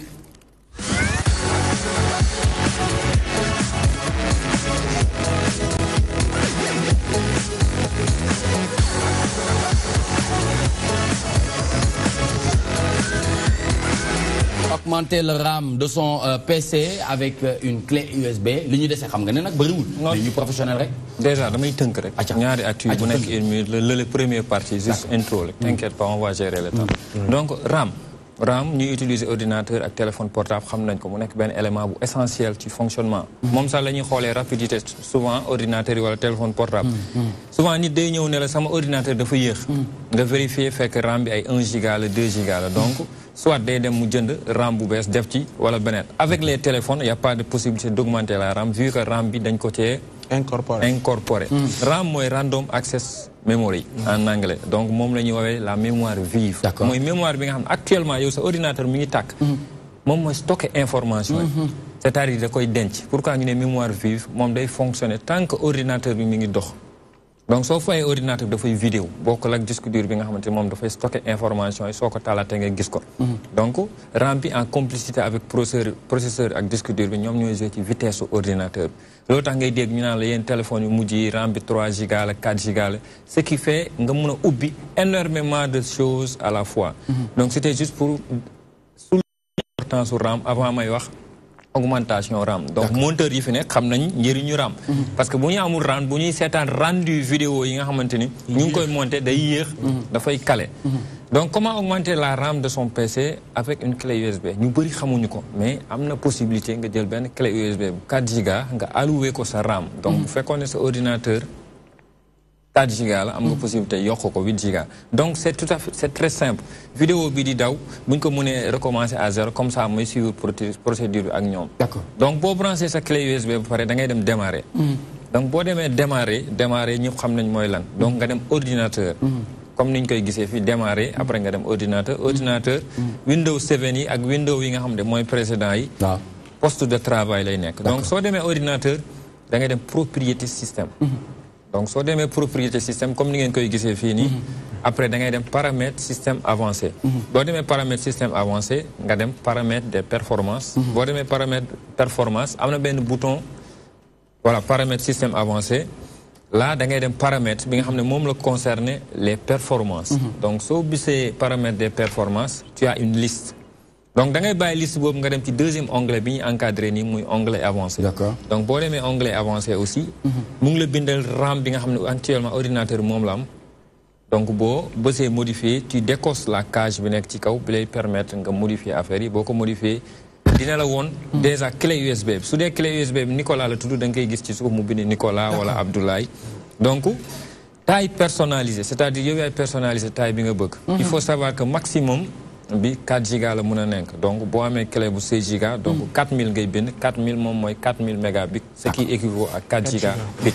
augmenter le RAM de son euh, PC avec euh, une clé USB l'unité ñu dese xam nga ne nag bëriwul. professionnel rek. déjà damay tënk rek. ñaari actu bu nekk une minute le le premier partie juste intro la. Mm. t'inquiète pas on va gérer le temps. Mm. Mm. donc RAM. RAM ñuy utiliser ordinateur ak téléphone portable xam nañ ko mu nekk élément essentiel du fonctionnement. Même sax la ñuy rapidité souvent ordinateur ou wala téléphone portable. souvent nit day ñëw ordinateurs la sama ordinateur dafa yéex. nga vérifier fekk RAM bi 1 giga le 2 giga donc soit des dem mu jënd RAM bu bees def ci wala avec les téléphones il y' a pas de possibilité d'augmenter la RAM vu que RAM bi dañ ko incorporé incorporé. Hmm. RAM moy random access memory. Hmm. en anglais donc mom la la mémoire vive. moy mémoire bi nga actuellement yow sa ordinateur mi ngi tak stocke moy stocker information hmm. c'est à dire que koy denc. pourquoi ñu mémoire vive mom day fonctionner tant que ordinateur bi mi ngi dox donc soo un ordinateur bi dafay vidéo avez ak disque dur bi nga xamante moom dafay stocké information yi soo ko gis ko. Mhm. donc rempli en complicité avec processeur processeur ak disque dur bi ñoom ñooy joué ci vitesse ordinateur l'ordinateur. loolu tax ngay dégg ñu naan la téléphone yu mujj yi RAM 3 giga la 4 giga la ce qui fait nga vous a ubbi énormément de choses à la fois. Mhm. donc c'était juste pour souligner l'importance du RAM avant may wax augmentation RAM donc monteur yi fi nekk xam nañ RAM mhm. parce que bu ñu amul RAM bu ñuy sétane rendu vidéo yi nga xamanteni ñu ngi koy monter day da fay calé donc comment augmenter la RAM de son PC avec une clé USB ñu bari xamuñu ko mais amna possibilité nga jël ben clé USB 4 giga nga allouer ko sa RAM donc mhm. bu fekkoon sa ordinateur 4 giga la am nga mm. possibilité yokk ko 8 giga donc c'est tout à fait c'est très simple vidéo bi di daw bu ñu ko recommencer à zéro comme ça mooy suivre procédure ak D'accord. donc pour prendre sa clé USB ba pare da ngay dem démarrer mm. donc pour démarrer démarrer nous xam nañ mooy lan donc nga dem ordinateur mm. comme ni ñu koy gisee fii démarrer après nga dem ordinateur ordinateur Windows 7 et ak Windows yi nga xam ne mooy précédent yi ah. poste de travail lay nekk donc soo demee ordinateur da ngay dem propriété système mm-hmm donc soo mes propriétés système comme vous avez koy que fini. après da ngay des paramètres système avancé. boo des paramètres système avancé nga dem paramètres des performances. boo paramètres paramètres performance vous avez un bouton voilà paramètres système avancé là da ngay des paramètres. bi nga le le les performances. Mhm. donc soo ces paramètres des performances tu as une liste donc dans ngay liste boobu nga dem ci deuxième onglet bi encadré ni muy onglet avancé. d'accord donc boo demee onglet avancé aussi. Mhm. mu ngi la bindal RAM bi nga xam actuellement ordinateur Donc la am. donc modifier tu décosses la cage bi nekk ci kaw bi lay permettre de modifier affaire yi boo ko modifier dina la woon. Mhm. déjà clé USB bi su dee clé USB Nicolas la tudd da nga koy gis ci mu Nicolas ou Abdoulaye. donc taille personnalisée c'est-à-dire yow yaay personnalisé taille bi nga bëgg. Mhm. il faut savoir que maximum bi 4 giga la donc si amé clé bu 6 giga donc 4000 hmm. ngay 4 4000 mom moy 4000 mégabits ce qui équivaut à 4 giga bit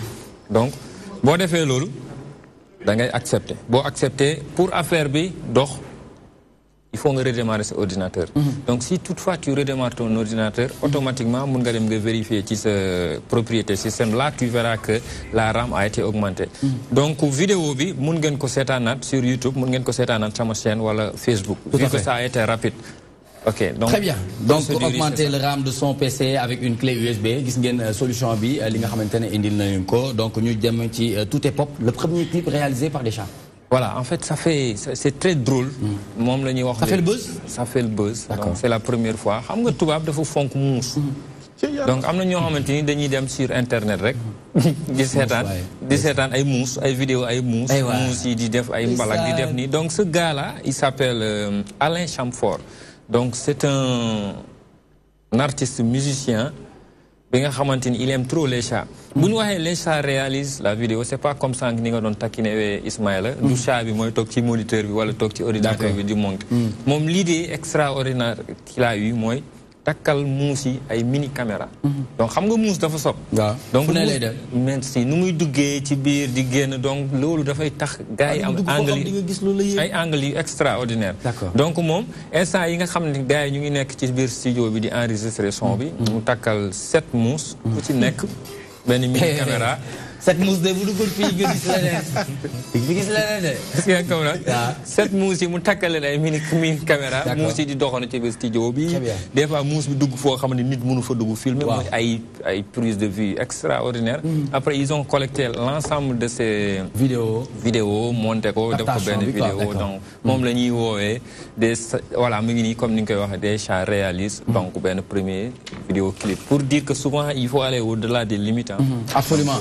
donc vous défé lolu da ngay accepter bo accepter pour affaire bi dox il faut redémarrer cet ordinateur. Mhm. donc si toutefois tu redémarres ton ordinateur. Mhm. automatiquement mun nga vérifier ci ce propriété système là tu verras que la RAM a été augmentée. Mhm. donc vidéo bi mun ko sur YouTube mon gars, ko sur ma chaîne wala Facebook. vu que ça a été rapide. ok très bien donc augmenter le RAM de son PC avec une clé USB c'est une solution bi euh, li nga xamante indil donc nous avons ci euh, tout est pop le premier clip réalisé par des chats. Voilà, en fait, ça fait, c'est très drôle. Hmm. ça fait le buzz. ça fait le buzz. donc c'est la première fois xam nga tubaab dafa fonk muus. Hmm. donc am na a xamante ni dañuy dem sur internet rek. Hmm. di seetaan di seetaan ay muus ay vidéo ay muus. muus yi di def ay mbalak di def ni. donc ce gars là il s'appelle euh, Alain Chamfort donc c'est un artiste musicien il aime trop les chats Quand les chats réalisent la vidéo c'est pas comme ça ni nga doon takkinewee eh, Ismaïla mm. du chat bi mooy toog ci moniteur bi wala toog ci ordinateur bi du mm. l'idée extraordinaire qu'il a eu takkal muus yi ay mini caméra mhm. donc xam nga muus dafa sob waaw donc mais si nu muy duggee ci biir di génn donc loolu dafay tax gars yi ah, am angle yi ay angle yu extraordinaire donc moom instant yi nga xam ne gars yi ñu ngi nekk ci biir studio bi di enregistré son bi mhm. mu takkal sept muus mhm. ku ci nekk benn mini caméra set muus de bu duggul fii nga gis leneen nga gis leneen de. gis ngeen comme nag set mu takale ay mini caméra. mousse di doxoon ci biir studio bi. des fois mousse bi dugg fo xam nit mënu fa dugg filmer. waaw ay ay prise de vue extraordinaire. Mm. après ils ont collecté l'ensemble de ces. vidéos vidéos monté ko def ko ben vidéo donc mom mm. la ñuy des voilà mu ngi nii comme ni koy wax des chats réalistes. Mm. donc ben premier vidéo clip pour dire que souvent il faut aller au delà des limites. Hein. Mm-hmm. absolument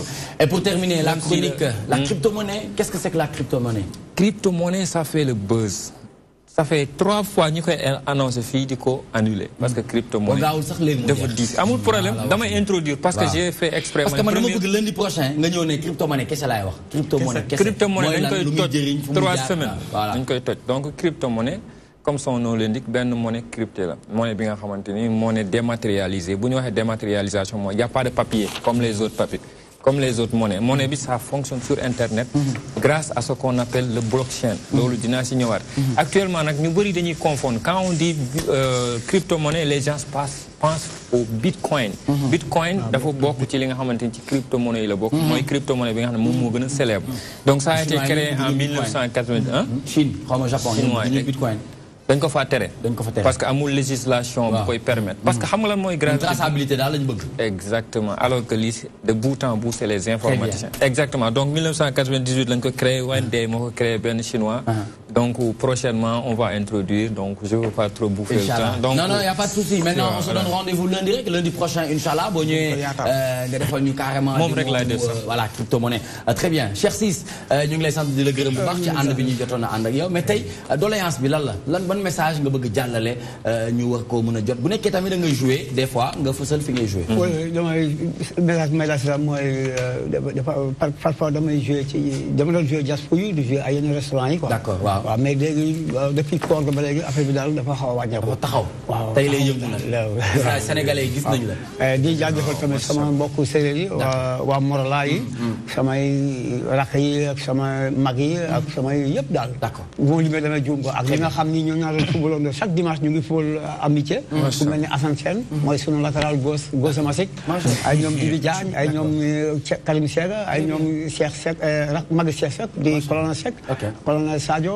pour terminer, la la euh, hmm? crypto-monnaie, qu'est-ce que c'est que la crypto-monnaie Crypto-monnaie, ça fait le buzz. Ça fait trois fois ñu koy annoncé fii di hmm. parce que crypto-monnaie dire. Pas amul hmm. problème vais introduire parce que j'ai fait exprès parce que lundi prochain nga ñëw la crypto-monnaie qu'est-ce laay wax crypto-monnaie La crypto-monnaie koy trois semaines Voilà. koy donc crypto-monnaie comme son nom l'indique c'est une monnaie cryptée la monnaie bi nga c'est une monnaie dématérialisée bu ñu dématérialisation Il n'y a pas de papier comme les autres papiers comme les autres monnaies. Monnaie bi ça fonctionne sur internet. grâce à ce qu'on appelle le blockchain. Lolu dina ci ñëwaat. actuellement nak ñu bari dañuy confondre quand on dit crypto-monnaie les gens pensent au bitcoin. bitcoin dafa bokk ci li nga xamante ci crypto-monnaie la bokk. mooy crypto-monnaie bi nga xam célèbre. donc ça a été créé en 1981. Chine comme le Japon. le bitcoin dañ ko fa téré dañ ko parce que amul législation bu koy permettre parce que xam nga lan mooy traçabilité daal lañ bëgg exactement alors que de bout en bout c'est les informaticiens exactement donc 1998 lañ ko créé Wendé des ko créé ben chinois ah. Donc prochainement, on va introduire. Donc je ne veux pas trop bouffer le temps. Donc, non, non, il n'y a pas de souci. Maintenant, on se donne rendez-vous lundi, lundi prochain, Inch'Allah. Bon, nous euh, carrément. Euh, voilà, crypto-monnaie. Euh, très bien. Cher 6, ñu ngi lay sant di la gërëm bu baax ci ànd bi ñu jotoon a ak yow mais tey doléance bi lan la lan ban message nga bëgg jàllale ñu war koo mën a jot bu nekkee tamit da ngay jouer des fois nga fësal fi ngay joué. oui damay message may laaj la mooy dafa parfois damay joué ci dama doon joué diaspora yi di joué ay yenn restaurant yi quoi. d'accord waaw waaw mais léegi waaw depuis koor ba léegi bi daal dafa xaw a wàññeeku. dafa taxaw waaw tey lay yëngu la. Sénégalais yi gis nañu la. Eh, di jaajëfal tamit sama mbokku séeréer yi waa waa Morola yi. Mm, mm. samay rakk yi ak sama mag yi ak mm. samay yëpp daal. d'accord boo limee dana juum ak li nga xam ni ñoo ñaar fubaloon chaque dimanche ñu ngi fubal euh, amitié. ku mel ni Assane Sène mooy sunu latéral gauche gauche Masik. ay ñoom Didi Diagne ay ñoom euh, Karim ay ñoom Cheikh Seck euh, rak mag Cheikh di colonel Seck colonel Sadio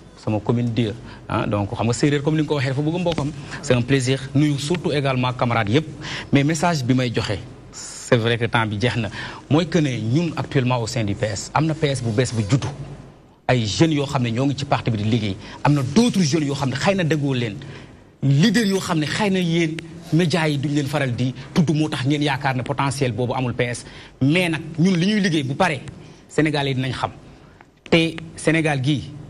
sama commune Dier ah donc xam nga sérieux comme ni nga ko waxee dafa bëgg c'est un plaisir nuyu surtout également camarades yep mais message bi may joxe c'est vrai que temps bi jeex moy que ne ñun actuellement au sein du PS amna PS bu bess bu juddu ay jeunes yo xamné ne ñoo ngi ci parti bi di liggéey amna d'autres jeunes yo xamné ne xëy leen leader yo xamné ne yeen na yi duñ leen faral di tudd moo tax ngeen yaakaar ne potentiel boobu amul PS mais nag ñun li ñuy liggéey bu pare Sénégal yi dinañ xam te Sénégal gii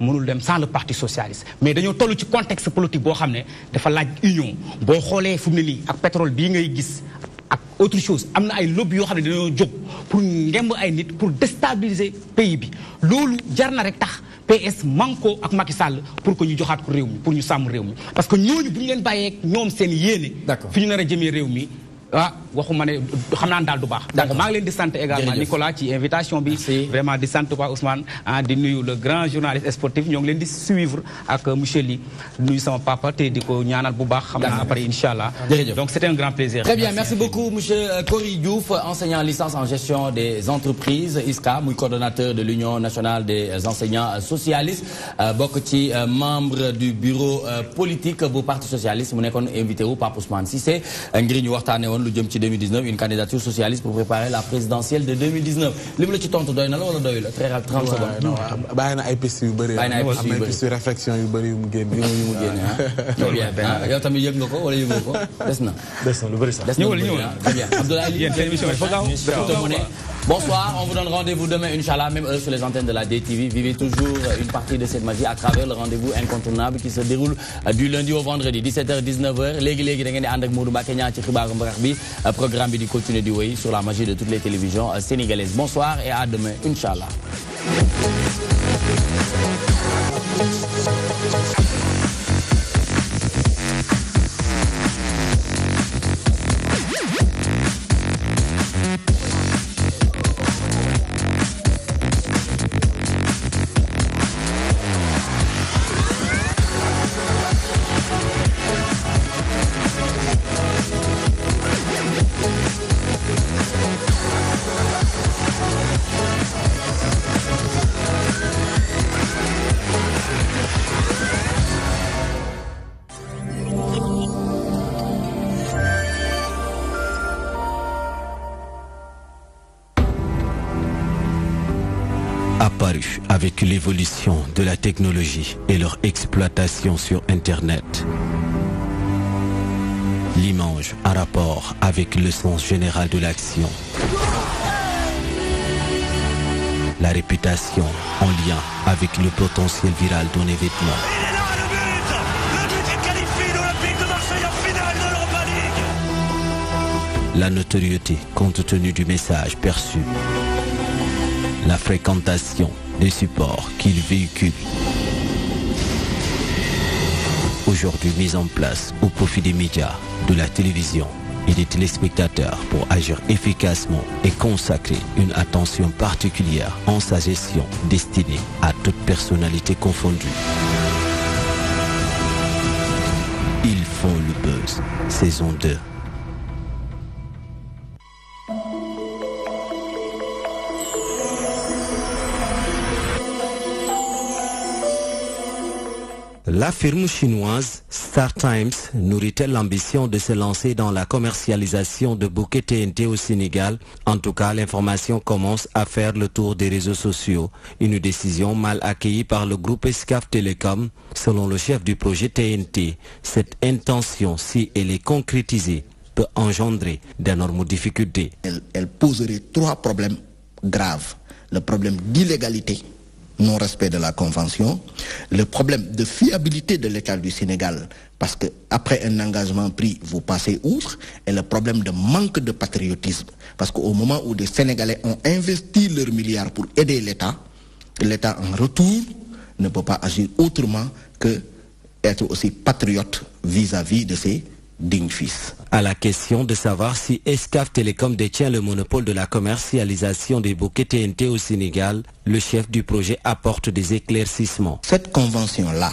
mënul dem sans le parti socialiste mais dañoo toll ci contexte politique boo xam ne dafa laaj union boo xoolee fu mu ne nii ak pétrole bii ngay gis ak autre chose am na ay lobby yoo xam ne dañoo jóg pour ngemb ay nit pour déstabiliser pays bi loolu jar na rek tax PS manko ak Macky Sall pour que ñu joxaat ko réew mi pour ñu sàmm réew mi parce que ñooñu bu ñu leen bàyyeek ñoom seen yéene fi ñu nar a jëmee réew mi ah waxuma ne xam naa daal du baax. donc maa ngi leen di sant également Nicolas ci invitation bi. vraiment di sant waa Ousmane ah di nuyu le grand journaliste sportif ñoo ngi leen di suivre ak euh, monsieur Li nuyu sama papa te di ko ñaanal bu baax. xam naa après incha allah. donc c' est un grand plaisir. très bien merci beaucoup monsieur euh, Cory Diouf enseignant licence en gestion des entreprises ISCA muy coordonnateur de l' union nationale des enseignants socialistes euh, bokk ci membre du bureau politique bu parti socialiste mu nekkoon invité wu papa Ousmane Cissé ngir ñu waxtaanee woon. 2019 une candidature socialiste pour préparer la présidentielle de 2019 Bonsoir, on vous donne rendez-vous demain, Inch'Allah, même heure sur les antennes de la DTV. Vivez toujours une partie de cette magie à travers le rendez-vous incontournable qui se déroule euh, du lundi au vendredi, 17h, 19h. les programme du di du Way sur la magie de toutes les télévisions euh, sénégalaises. Bonsoir et à demain, Inch'Allah. l'évolution de la technologie et leur exploitation sur Internet. L'image en rapport avec le sens général de l'action. La réputation en lien avec le potentiel viral d'un événement. La notoriété compte tenu du message perçu la fréquentation des supports qu'il véhicule. Aujourd'hui mise en place au profit des médias, de la télévision et des téléspectateurs pour agir efficacement et consacrer une attention particulière en sa gestion destinée à toute personnalité confondue. Ils font le buzz, saison 2. La firme chinoise StarTimes nourrit-elle l'ambition de se lancer dans la commercialisation de bouquets TNT au Sénégal En tout cas, l'information commence à faire le tour des réseaux sociaux. Une décision mal accueillie par le groupe Scaf Telecom, selon le chef du projet TNT. Cette intention, si elle est concrétisée, peut engendrer d'énormes difficultés. elle poserait trois problèmes graves. Le problème d'illégalité non-respect de la Convention, le problème de fiabilité de l'État du Sénégal, parce qu'après un engagement pris, vous passez outre, et le problème de manque de patriotisme, parce qu'au moment où des Sénégalais ont investi leurs milliards pour aider l'État, l'État en retour ne peut pas agir autrement que être aussi patriote vis-à-vis de ses digne À la question de savoir si Escaf Télécom détient le monopole de la commercialisation des bouquets TNT au Sénégal, le chef du projet apporte des éclaircissements. Cette convention-là,